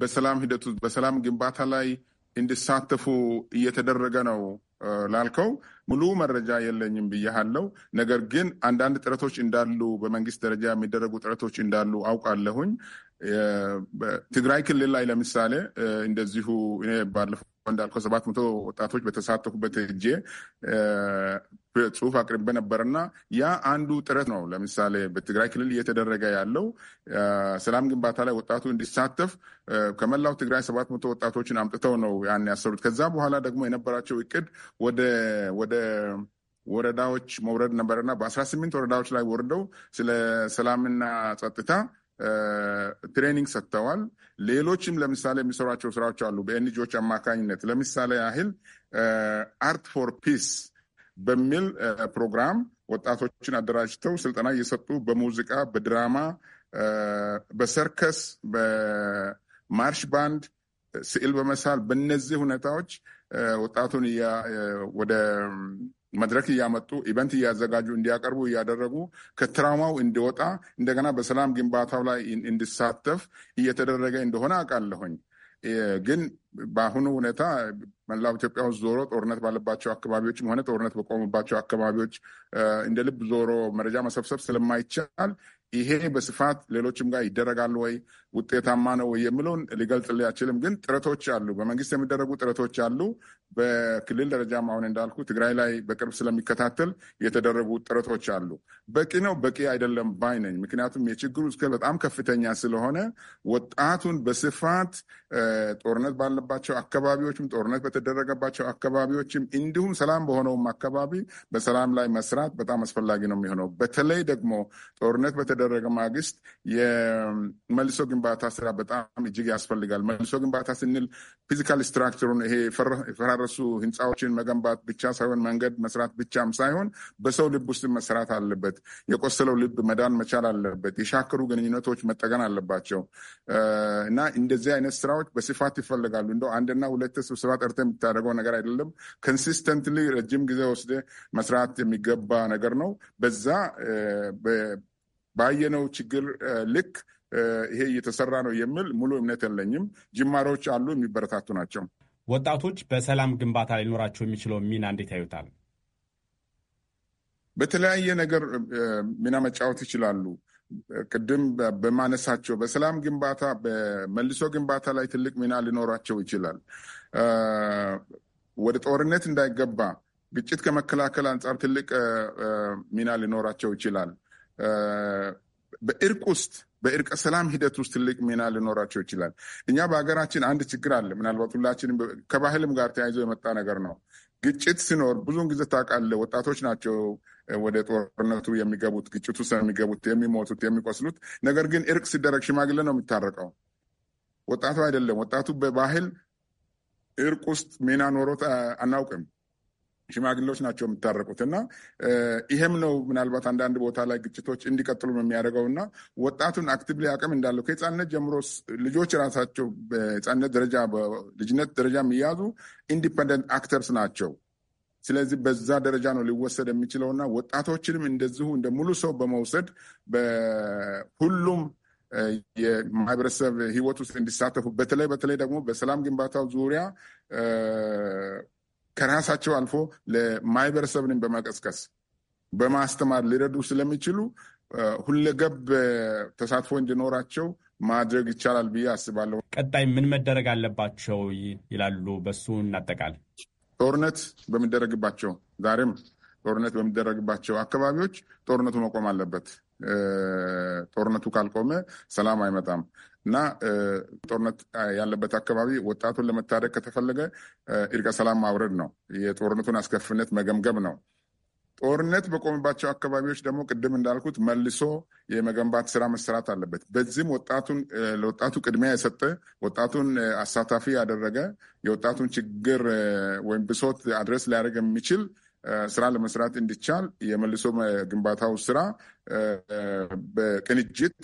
በሰላም ሂደቱ በሰላም ግንባታ ላይ እንዲሳተፉ እየተደረገ ነው ላልከው ሙሉ መረጃ የለኝም ብያሃለው። ነገር ግን አንዳንድ ጥረቶች እንዳሉ በመንግስት ደረጃ የሚደረጉ ጥረቶች እንዳሉ አውቃለሁኝ። ትግራይ ክልል ላይ ለምሳሌ እንደዚሁ ባለፈው እንዳልከው ሰባት መቶ ወጣቶች በተሳተፉበት እጄ ጽሁፍ አቅርቤ ነበርና ያ አንዱ ጥረት ነው። ለምሳሌ በትግራይ ክልል እየተደረገ ያለው ሰላም ግንባታ ላይ ወጣቱ እንዲሳተፍ ከመላው ትግራይ ሰባት መቶ ወጣቶችን አምጥተው ነው ያን ያሰሩት። ከዛ በኋላ ደግሞ የነበራቸው እቅድ ወደ ወደ ወረዳዎች መውረድ ነበርና በአስራ ስምንት ወረዳዎች ላይ ወርደው ስለ ሰላምና ጸጥታ ትሬኒንግ ሰጥተዋል። ሌሎችም ለምሳሌ የሚሰሯቸው ስራዎች አሉ። በኤንጂኦች አማካኝነት ለምሳሌ ያህል አርት ፎር ፒስ በሚል ፕሮግራም ወጣቶችን አደራጅተው ስልጠና እየሰጡ በሙዚቃ፣ በድራማ፣ በሰርከስ፣ በማርሽ ባንድ፣ ስዕል በመሳል በነዚህ ሁኔታዎች ወጣቱን ወደ መድረክ እያመጡ ኢቨንት እያዘጋጁ እንዲያቀርቡ እያደረጉ ከትራውማው እንዲወጣ እንደገና በሰላም ግንባታው ላይ እንዲሳተፍ እየተደረገ እንደሆነ አውቃለሁኝ። ግን በአሁኑ ሁኔታ መላው ኢትዮጵያ ውስጥ ዞሮ ጦርነት ባለባቸው አካባቢዎችም ሆነ ጦርነት በቆሙባቸው አካባቢዎች እንደ ልብ ዞሮ መረጃ መሰብሰብ ስለማይቻል ይሄ በስፋት ሌሎችም ጋር ይደረጋሉ ወይ ውጤታማ ነው ወይ የሚለውን ሊገልጽልህ አይችልም። ግን ጥረቶች አሉ፣ በመንግስት የሚደረጉ ጥረቶች አሉ። በክልል ደረጃም አሁን እንዳልኩ ትግራይ ላይ በቅርብ ስለሚከታተል የተደረጉ ጥረቶች አሉ። በቂ ነው በቂ አይደለም ባይ ነኝ። ምክንያቱም የችግሩ እስከ በጣም ከፍተኛ ስለሆነ ወጣቱን በስፋት ጦርነት ባለባቸው አካባቢዎችም ጦርነት በተደረገባቸው አካባቢዎችም እንዲሁም ሰላም በሆነውም አካባቢ በሰላም ላይ መስራት በጣም አስፈላጊ ነው የሚሆነው በተለይ ደግሞ ጦርነት ከተደረገ ማግስት የመልሶ ግንባታ ስራ በጣም እጅግ ያስፈልጋል። መልሶ ግንባታ ስንል ፊዚካል ስትራክቸሩን ይሄ የፈራረሱ ህንፃዎችን መገንባት ብቻ ሳይሆን መንገድ መስራት ብቻም ሳይሆን በሰው ልብ ውስጥ መስራት አለበት። የቆሰለው ልብ መዳን መቻል አለበት። የሻክሩ ግንኙነቶች መጠገን አለባቸው እና እንደዚህ አይነት ስራዎች በስፋት ይፈልጋሉ። እንደ አንድና ሁለት ስብስባ ጠርተህ የምታደርገው ነገር አይደለም። ኮንሲስተንትሊ ረጅም ጊዜ ወስደ መስራት የሚገባ ነገር ነው። በዛ ባየነው ችግር ልክ ይሄ እየተሰራ ነው የሚል ሙሉ እምነት የለኝም። ጅማሮች አሉ፣ የሚበረታቱ ናቸው። ወጣቶች በሰላም ግንባታ ሊኖራቸው የሚችለው ሚና እንዴት ያዩታል? በተለያየ ነገር ሚና መጫወት ይችላሉ። ቅድም በማነሳቸው በሰላም ግንባታ፣ በመልሶ ግንባታ ላይ ትልቅ ሚና ሊኖራቸው ይችላል። ወደ ጦርነት እንዳይገባ ግጭት ከመከላከል አንጻር ትልቅ ሚና ሊኖራቸው ይችላል። በእርቅ ውስጥ በእርቀ ሰላም ሂደት ውስጥ ትልቅ ሚና ሊኖራቸው ይችላል። እኛ በሀገራችን አንድ ችግር አለ። ምናልባት ሁላችንም ከባህልም ጋር ተያይዞ የመጣ ነገር ነው። ግጭት ሲኖር ብዙውን ጊዜ ታውቃለህ፣ ወጣቶች ናቸው ወደ ጦርነቱ የሚገቡት፣ ግጭቱ ውስጥ የሚገቡት፣ የሚሞቱት፣ የሚቆስሉት። ነገር ግን እርቅ ሲደረግ ሽማግሌ ነው የሚታረቀው፣ ወጣቱ አይደለም። ወጣቱ በባህል እርቅ ውስጥ ሚና ኖሮት አናውቅም። ሽማግሌዎች ናቸው የምታረቁት እና ይሄም ነው ምናልባት አንዳንድ ቦታ ላይ ግጭቶች እንዲቀጥሉ የሚያደርገው እና ወጣቱን አክቲቭሊ አቅም እንዳለው ከህፃነት ጀምሮ ልጆች ራሳቸው በህፃነት ደረጃ በልጅነት ደረጃ የሚያዙ ኢንዲፐንደንት አክተርስ ናቸው። ስለዚህ በዛ ደረጃ ነው ሊወሰድ የሚችለው እና ወጣቶችንም እንደዚሁ እንደ ሙሉ ሰው በመውሰድ በሁሉም የማህበረሰብ ህይወት ውስጥ እንዲሳተፉ በተለይ በተለይ ደግሞ በሰላም ግንባታው ዙሪያ ከራሳቸው አልፎ ለማህበረሰብን በመቀስቀስ በማስተማር ሊረዱ ስለሚችሉ ሁለገብ ተሳትፎ እንዲኖራቸው ማድረግ ይቻላል ብዬ አስባለሁ። ቀጣይ ምን መደረግ አለባቸው ይላሉ? በሱ እናጠቃል። ጦርነት በሚደረግባቸው ዛሬም ጦርነት በሚደረግባቸው አካባቢዎች ጦርነቱ መቆም አለበት። ጦርነቱ ካልቆመ ሰላም አይመጣም። እና ጦርነት ያለበት አካባቢ ወጣቱን ለመታደግ ከተፈለገ እርቀ ሰላም ማውረድ ነው። የጦርነቱን አስከፊነት መገምገም ነው። ጦርነት በቆመባቸው አካባቢዎች ደግሞ ቅድም እንዳልኩት መልሶ የመገንባት ስራ መሰራት አለበት። በዚህም ወጣቱን ለወጣቱ ቅድሚያ የሰጠ ወጣቱን አሳታፊ ያደረገ የወጣቱን ችግር ወይም ብሶት አድረስ ሊያደርግ የሚችል ስራ ለመስራት እንዲቻል የመልሶ ግንባታው ስራ በቅንጅት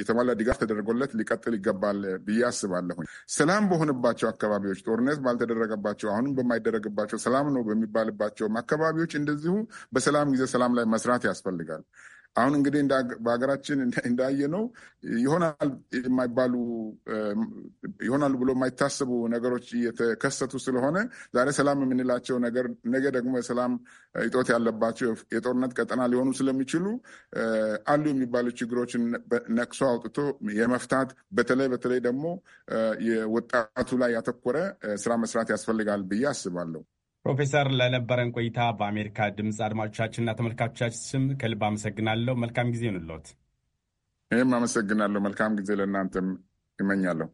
የተሟላ ድጋፍ ተደርጎለት ሊቀጥል ይገባል ብዬ አስባለሁኝ። ሰላም በሆነባቸው አካባቢዎች ጦርነት ባልተደረገባቸው አሁንም በማይደረግባቸው ሰላም ነው በሚባልባቸውም አካባቢዎች እንደዚሁ በሰላም ጊዜ ሰላም ላይ መስራት ያስፈልጋል። አሁን እንግዲህ በሀገራችን እንዳየ ነው ይሆናል የማይባሉ ይሆናሉ ብሎ የማይታሰቡ ነገሮች እየተከሰቱ ስለሆነ ዛሬ ሰላም የምንላቸው ነገር ነገ ደግሞ የሰላም እጦት ያለባቸው የጦርነት ቀጠና ሊሆኑ ስለሚችሉ አሉ የሚባሉ ችግሮችን ነቅሶ አውጥቶ የመፍታት በተለይ በተለይ ደግሞ የወጣቱ ላይ ያተኮረ ስራ መስራት ያስፈልጋል ብዬ አስባለሁ። ፕሮፌሰር ለነበረን ቆይታ በአሜሪካ ድምፅ አድማጮቻችንና ተመልካቾቻችን ስም ከልብ አመሰግናለሁ። መልካም ጊዜ ይሁንልዎት። ይህም አመሰግናለሁ። መልካም ጊዜ ለእናንተም እመኛለሁ።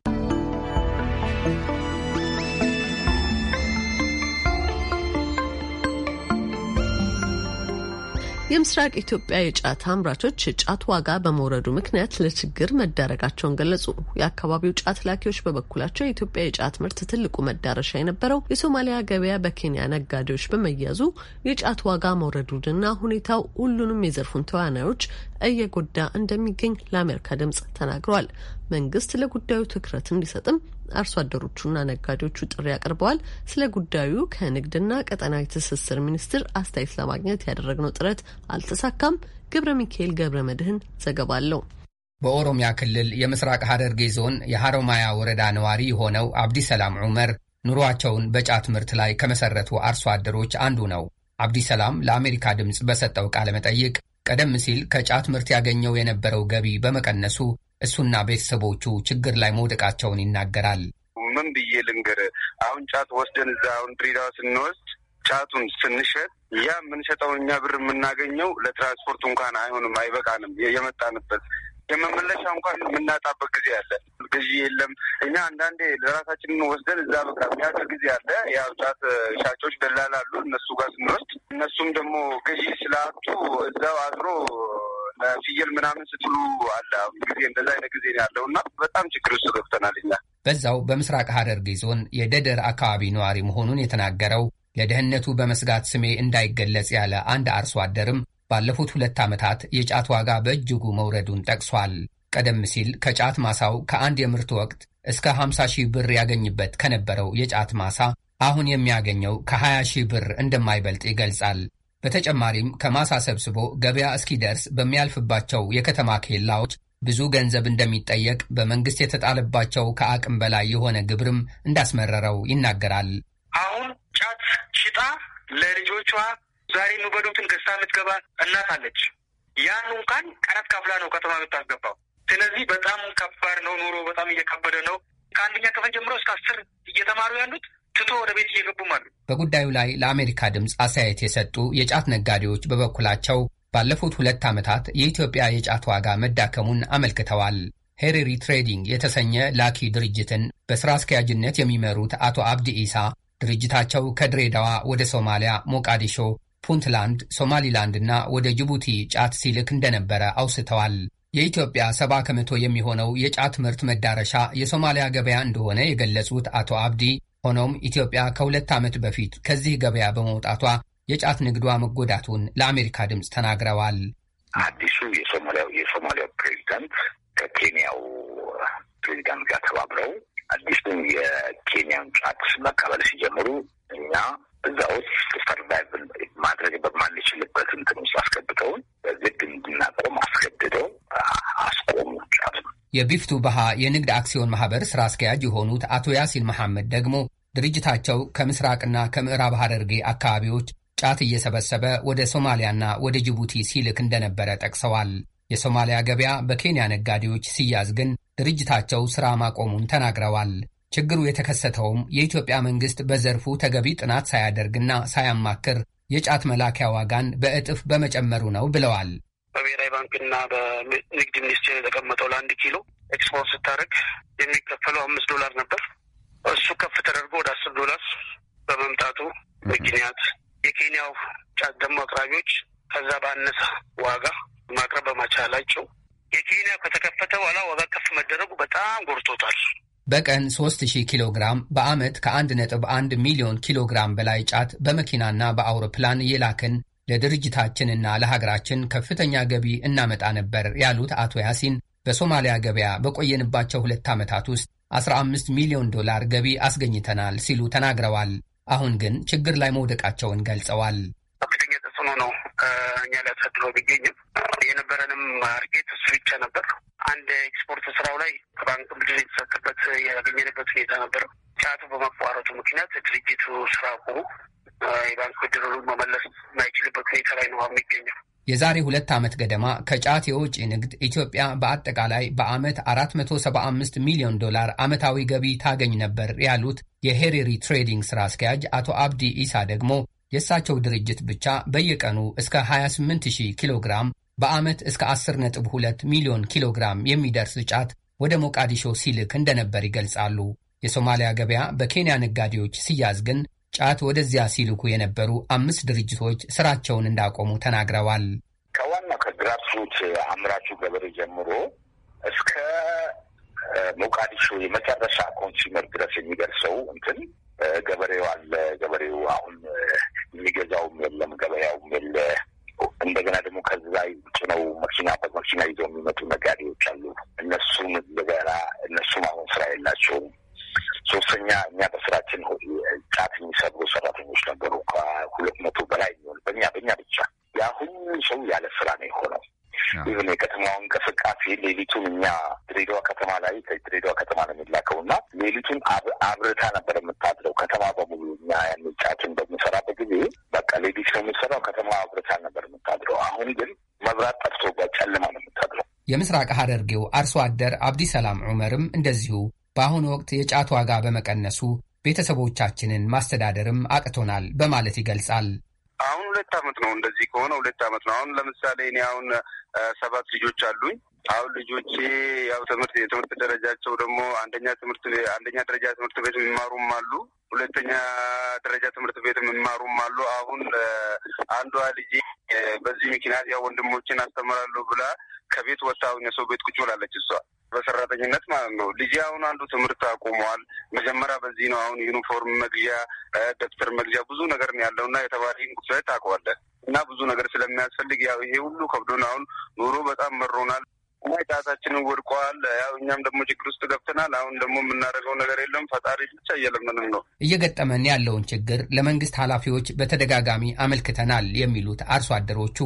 የምስራቅ ኢትዮጵያ የጫት አምራቾች የጫት ዋጋ በመውረዱ ምክንያት ለችግር መዳረጋቸውን ገለጹ። የአካባቢው ጫት ላኪዎች በበኩላቸው የኢትዮጵያ የጫት ምርት ትልቁ መዳረሻ የነበረው የሶማሊያ ገበያ በኬንያ ነጋዴዎች በመያዙ የጫት ዋጋ መውረዱንና ሁኔታው ሁሉንም የዘርፉን ተዋናዮች እየጎዳ እንደሚገኝ ለአሜሪካ ድምጽ ተናግረዋል። መንግስት ለጉዳዩ ትኩረት እንዲሰጥም አርሶ አደሮቹና ነጋዴዎቹ ጥሪ አቅርበዋል። ስለ ጉዳዩ ከንግድና ቀጠናዊ ትስስር ሚኒስቴር አስተያየት ለማግኘት ያደረግነው ጥረት አልተሳካም። ገብረ ሚካኤል ገብረ መድህን ዘገባ አለው። በኦሮሚያ ክልል የምስራቅ ሐረርጌ ዞን የሐሮማያ ወረዳ ነዋሪ የሆነው አብዲሰላም ዑመር ኑሯቸውን በጫት ምርት ላይ ከመሰረቱ አርሶ አደሮች አንዱ ነው። አብዲሰላም ለአሜሪካ ድምፅ በሰጠው ቃለ መጠይቅ ቀደም ሲል ከጫት ምርት ያገኘው የነበረው ገቢ በመቀነሱ እሱና ቤተሰቦቹ ችግር ላይ መውደቃቸውን ይናገራል። ምን ብዬ ልንገር? አሁን ጫት ወስደን እዛ አሁን ድሬዳዋ ስንወስድ ጫቱን ስንሸጥ ያ የምንሸጠው እኛ ብር የምናገኘው ለትራንስፖርቱ እንኳን አይሆንም፣ አይበቃንም። የመጣንበት የመመለሻ እንኳን የምናጣበት ጊዜ አለ። ገዢ የለም። እኛ አንዳንዴ ለራሳችን ወስደን እዛ በቃ የሚያገር ጊዜ አለ። ያው ጫት ሻጮች ደላላሉ፣ እነሱ ጋር ስንወስድ እነሱም ደግሞ ገዢ ስላጡ እዛው አድሮ ፍየል ምናምን ስትሉ አለ። አሁን ጊዜ እንደዛ አይነት ጊዜ ነው ያለው እና በጣም ችግር ውስጥ ገብተናል እኛ። በዛው በምስራቅ ሐረርጌ ዞን የደደር አካባቢ ነዋሪ መሆኑን የተናገረው ለደህንነቱ በመስጋት ስሜ እንዳይገለጽ ያለ አንድ አርሶ አደርም ባለፉት ሁለት ዓመታት የጫት ዋጋ በእጅጉ መውረዱን ጠቅሷል። ቀደም ሲል ከጫት ማሳው ከአንድ የምርት ወቅት እስከ 50 ሺህ ብር ያገኝበት ከነበረው የጫት ማሳ አሁን የሚያገኘው ከ20 ሺህ ብር እንደማይበልጥ ይገልጻል። በተጨማሪም ከማሳ ሰብስቦ ገበያ እስኪደርስ በሚያልፍባቸው የከተማ ኬላዎች ብዙ ገንዘብ እንደሚጠየቅ በመንግስት የተጣለባቸው ከአቅም በላይ የሆነ ግብርም እንዳስመረረው ይናገራል። አሁን ጫት ሽጣ ለልጆቿ ዛሬ የሚበሉትን ገዝታ የምትገባ እናት አለች። ያን እንኳን ቀረት ከፍላ ነው ከተማ የምታስገባው። ስለዚህ በጣም ከባድ ነው። ኑሮ በጣም እየከበደ ነው። ከአንደኛ ክፍል ጀምሮ እስከ አስር እየተማሩ ያሉት ትቶ ወደ ቤት እየገቡም አሉ። በጉዳዩ ላይ ለአሜሪካ ድምፅ አስተያየት የሰጡ የጫት ነጋዴዎች በበኩላቸው ባለፉት ሁለት ዓመታት የኢትዮጵያ የጫት ዋጋ መዳከሙን አመልክተዋል። ሄሪሪ ትሬዲንግ የተሰኘ ላኪ ድርጅትን በሥራ አስኪያጅነት የሚመሩት አቶ አብዲ ኢሳ ድርጅታቸው ከድሬዳዋ ወደ ሶማሊያ፣ ሞቃዲሾ፣ ፑንትላንድ፣ እና ወደ ጅቡቲ ጫት ሲልክ እንደነበረ አውስተዋል። የኢትዮጵያ ሰባ ከመቶ የሚሆነው የጫት ምርት መዳረሻ የሶማሊያ ገበያ እንደሆነ የገለጹት አቶ አብዲ ሆኖም ኢትዮጵያ ከሁለት ዓመት በፊት ከዚህ ገበያ በመውጣቷ የጫት ንግዷ መጎዳቱን ለአሜሪካ ድምፅ ተናግረዋል። አዲሱ የሶማሊያው ፕሬዚዳንት ከኬንያው ፕሬዚዳንት ጋር ተባብረው አዲሱ የኬንያን ጫት መቀበል ሲጀምሩ እኛ እዛ ውስጥ ሰርቫይቭ ማድረግ በማንችልበት እንትን ውስጥ አስገብተውን በግድ እንድናቆም አስገድደው አስቆሙ ጫት። የቢፍቱ ባሃ የንግድ አክሲዮን ማህበር ስራ አስኪያጅ የሆኑት አቶ ያሲን መሐመድ ደግሞ ድርጅታቸው ከምስራቅና ከምዕራብ ሐረርጌ አካባቢዎች ጫት እየሰበሰበ ወደ ሶማሊያና ወደ ጅቡቲ ሲልክ እንደነበረ ጠቅሰዋል። የሶማሊያ ገበያ በኬንያ ነጋዴዎች ሲያዝ ግን ድርጅታቸው ሥራ ማቆሙን ተናግረዋል። ችግሩ የተከሰተውም የኢትዮጵያ መንግሥት በዘርፉ ተገቢ ጥናት ሳያደርግና ሳያማክር የጫት መላኪያ ዋጋን በእጥፍ በመጨመሩ ነው ብለዋል። በብሔራዊ ባንክና በንግድ ሚኒስቴር የተቀመጠው ለአንድ ኪሎ ኤክስፖርት ስታደርግ በቀን 3000 ኪሎ ግራም በዓመት ከ1.1 ሚሊዮን ኪሎ ግራም በላይ ጫት በመኪናና በአውሮፕላን እየላክን ለድርጅታችንና ለሀገራችን ከፍተኛ ገቢ እናመጣ ነበር ያሉት አቶ ያሲን በሶማሊያ ገበያ በቆየንባቸው ሁለት ዓመታት ውስጥ 15 ሚሊዮን ዶላር ገቢ አስገኝተናል ሲሉ ተናግረዋል። አሁን ግን ችግር ላይ መውደቃቸውን ገልጸዋል። ከፍተኛ ተጽዕኖ ነው እኛ ላይ አሳድሮ ቢገኝም የነበረንም ማርኬት እሱ ብቻ ነበር። አንድ ኤክስፖርት ስራው ላይ ከባንክ ብድር የተሰጠበት ያገኘንበት ሁኔታ ነበረ። ጫቱ በመቋረጡ ምክንያት ድርጅቱ ስራ ቁሙ የባንክ ብድሩን መመለስ የማይችልበት ሁኔታ ላይ ነው የሚገኘው። የዛሬ ሁለት ዓመት ገደማ ከጫት የውጭ ንግድ ኢትዮጵያ በአጠቃላይ በዓመት 475 ሚሊዮን ዶላር ዓመታዊ ገቢ ታገኝ ነበር ያሉት የሄሪሪ ትሬዲንግ ሥራ አስኪያጅ አቶ አብዲ ኢሳ ደግሞ የእሳቸው ድርጅት ብቻ በየቀኑ እስከ 28000 ኪሎ ግራም በዓመት እስከ 10.2 ሚሊዮን ኪሎ ግራም የሚደርስ ጫት ወደ ሞቃዲሾ ሲልክ እንደነበር ይገልጻሉ። የሶማሊያ ገበያ በኬንያ ነጋዴዎች ሲያዝ ግን ጫት ወደዚያ ሲልኩ የነበሩ አምስት ድርጅቶች ስራቸውን እንዳቆሙ ተናግረዋል። ከዋናው ከግራስሩት አምራቹ ገበሬ ጀምሮ እስከ ሞቃዲሾ የመጨረሻ ኮንሱመር ድረስ የሚደርሰው እንትን ገበሬው አለ። ገበሬው አሁን የሚገዛውም የለም፣ ገበያውም የለ እንደገና ደግሞ ከዛ ጭነው መኪና በመኪና ይዘው የሚመጡ ነጋዴዎች አሉ። እነሱም እንደገና እነሱም አሁን ስራ የላቸውም። ሶስተኛ እኛ በስራችን ጫት የሚሰሩ ሰራተኞች ነበሩ ከሁለት መቶ በላይ የሚሆን በኛ በኛ ብቻ ያ ሁሉ ሰው ያለ ስራ ነው የሆነው። ይህን የከተማው እንቅስቃሴ ሌሊቱን እኛ ድሬዳዋ ከተማ ላይ ድሬዳዋ ከተማ ነው የሚላከው እና ሌሊቱን አብርታ ነበር የምታድረው ከተማ በሙሉ። እኛ ጫትን በምንሰራበት ጊዜ በቃ ሌሊት ነው የምንሰራው ከተማ አብርታ ነበር የምታድረው። አሁን ግን መብራት ጠፍቶባት ጨለማ ነው የምታድረው። የምስራቅ ሀረርጌው አርሶ አደር አብዲ ሰላም ዑመርም እንደዚሁ በአሁኑ ወቅት የጫት ዋጋ በመቀነሱ ቤተሰቦቻችንን ማስተዳደርም አቅቶናል በማለት ይገልጻል። አሁን ሁለት ዓመት ነው እንደዚህ ከሆነ ሁለት ዓመት ነው። አሁን ለምሳሌ እኔ አሁን ሰባት ልጆች አሉኝ። አሁን ልጆቼ ያው ትምህርት የትምህርት ደረጃቸው ደግሞ አንደኛ ትምህርት አንደኛ ደረጃ ትምህርት ቤት የሚማሩም አሉ ሁለተኛ ደረጃ ትምህርት ቤት የሚማሩም አሉ። አሁን አንዷ ልጅ በዚህ ምክንያት ያው ወንድሞችን አስተምራለሁ ብላ ከቤት ወጥታ አሁን የሰው ቤት ቁጭ ብላለች። እሷ በሰራተኝነት ማለት ነው። ልጅ አሁን አንዱ ትምህርት አቁመዋል። መጀመሪያ በዚህ ነው። አሁን ዩኒፎርም መግዣ፣ ደብተር መግዣ ብዙ ነገር ነው ያለው እና የተባሪን ጉዳይ ታውቀዋለህ እና ብዙ ነገር ስለሚያስፈልግ ያው ይሄ ሁሉ ከብዶን አሁን ኑሮ በጣም መሮናል። እና ወድቀዋል። ያው እኛም ደግሞ ችግር ውስጥ ገብተናል። አሁን ደግሞ የምናደርገው ነገር የለም። ፈጣሪ ብቻ እየለመንን ነው። እየገጠመን ያለውን ችግር ለመንግስት ኃላፊዎች በተደጋጋሚ አመልክተናል የሚሉት አርሶ አደሮቹ፣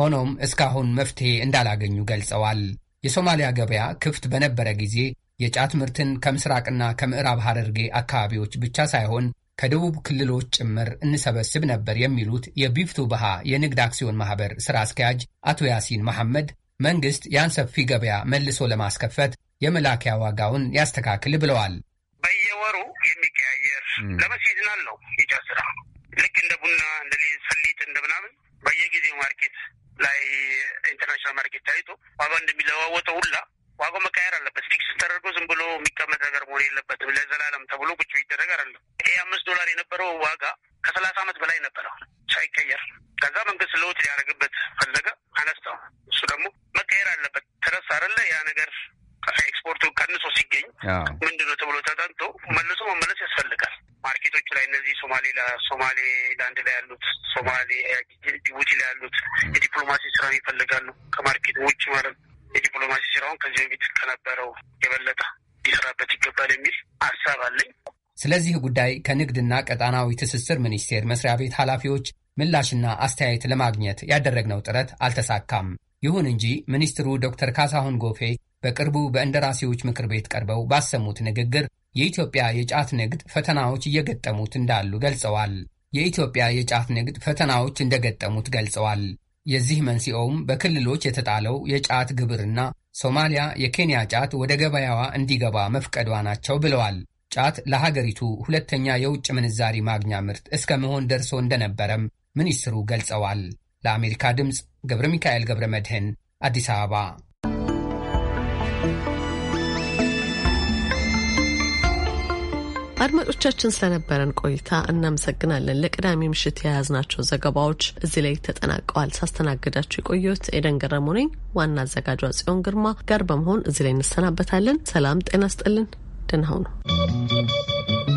ሆኖም እስካሁን መፍትሄ እንዳላገኙ ገልጸዋል። የሶማሊያ ገበያ ክፍት በነበረ ጊዜ የጫት ምርትን ከምስራቅና ከምዕራብ ሐረርጌ አካባቢዎች ብቻ ሳይሆን ከደቡብ ክልሎች ጭምር እንሰበስብ ነበር የሚሉት የቢፍቱ ባሃ የንግድ አክሲዮን ማህበር ስራ አስኪያጅ አቶ ያሲን መሐመድ መንግስት ያን ሰፊ ገበያ መልሶ ለማስከፈት የመላኪያ ዋጋውን ያስተካክል ብለዋል። በየወሩ የሚቀያየር ለመሲዝናል ነው የጫት ስራ ልክ እንደ ቡና፣ እንደ ሰሊጥ፣ እንደ ምናምን በየጊዜው ማርኬት ላይ ኢንተርናሽናል ማርኬት ታይቶ ዋጋ እንደሚለዋወጠው ሁላ ዋጋው መቀየር አለበት። ፊክስ ተደርጎ ዝም ብሎ የሚቀመጥ ነገር መሆን የለበትም። ለዘላለም ተብሎ ቁጭ ይደረግ አይደለም። ይህ አምስት ዶላር የነበረው ዋጋ ከሰላሳ ዓመት በላይ ነበረ ሳይቀየር። ከዛ መንግስት ለውጥ ሊያደርግበት ነው ተብሎ ተጠንቶ መልሶ መመለስ ያስፈልጋል። ማርኬቶች ላይ እነዚህ ሶማሌ ሶማሌ ላንድ ላይ ያሉት ሶማሌ ጅቡቲ ላይ ያሉት የዲፕሎማሲ ስራ ይፈልጋሉ። ከማርኬት ውጭ ማለት የዲፕሎማሲ ስራውን ከዚህ በፊት ከነበረው የበለጠ ሊሰራበት ይገባል የሚል ሀሳብ አለኝ። ስለዚህ ጉዳይ ከንግድና ቀጣናዊ ትስስር ሚኒስቴር መስሪያ ቤት ኃላፊዎች ምላሽና አስተያየት ለማግኘት ያደረግነው ጥረት አልተሳካም። ይሁን እንጂ ሚኒስትሩ ዶክተር ካሳሁን ጎፌ በቅርቡ በእንደራሴዎች ምክር ቤት ቀርበው ባሰሙት ንግግር የኢትዮጵያ የጫት ንግድ ፈተናዎች እየገጠሙት እንዳሉ ገልጸዋል። የኢትዮጵያ የጫት ንግድ ፈተናዎች እንደገጠሙት ገልጸዋል። የዚህ መንስኤውም በክልሎች የተጣለው የጫት ግብርና ሶማሊያ የኬንያ ጫት ወደ ገበያዋ እንዲገባ መፍቀዷ ናቸው ብለዋል። ጫት ለሀገሪቱ ሁለተኛ የውጭ ምንዛሪ ማግኛ ምርት እስከ መሆን ደርሶ እንደነበረም ሚኒስትሩ ገልጸዋል። ለአሜሪካ ድምፅ ገብረ ሚካኤል ገብረ መድህን አዲስ አበባ አድማጮቻችን ስለነበረን ቆይታ እናመሰግናለን። ለቅዳሜ ምሽት የያዝናቸው ዘገባዎች እዚህ ላይ ተጠናቀዋል። ሳስተናግዳችሁ የቆየሁት ኤደን ገረሙ ነኝ። ዋና አዘጋጇ ጽዮን ግርማ ጋር በመሆን እዚህ ላይ እንሰናበታለን። ሰላም ጤና ስጥልን። ደህና ሁኑ።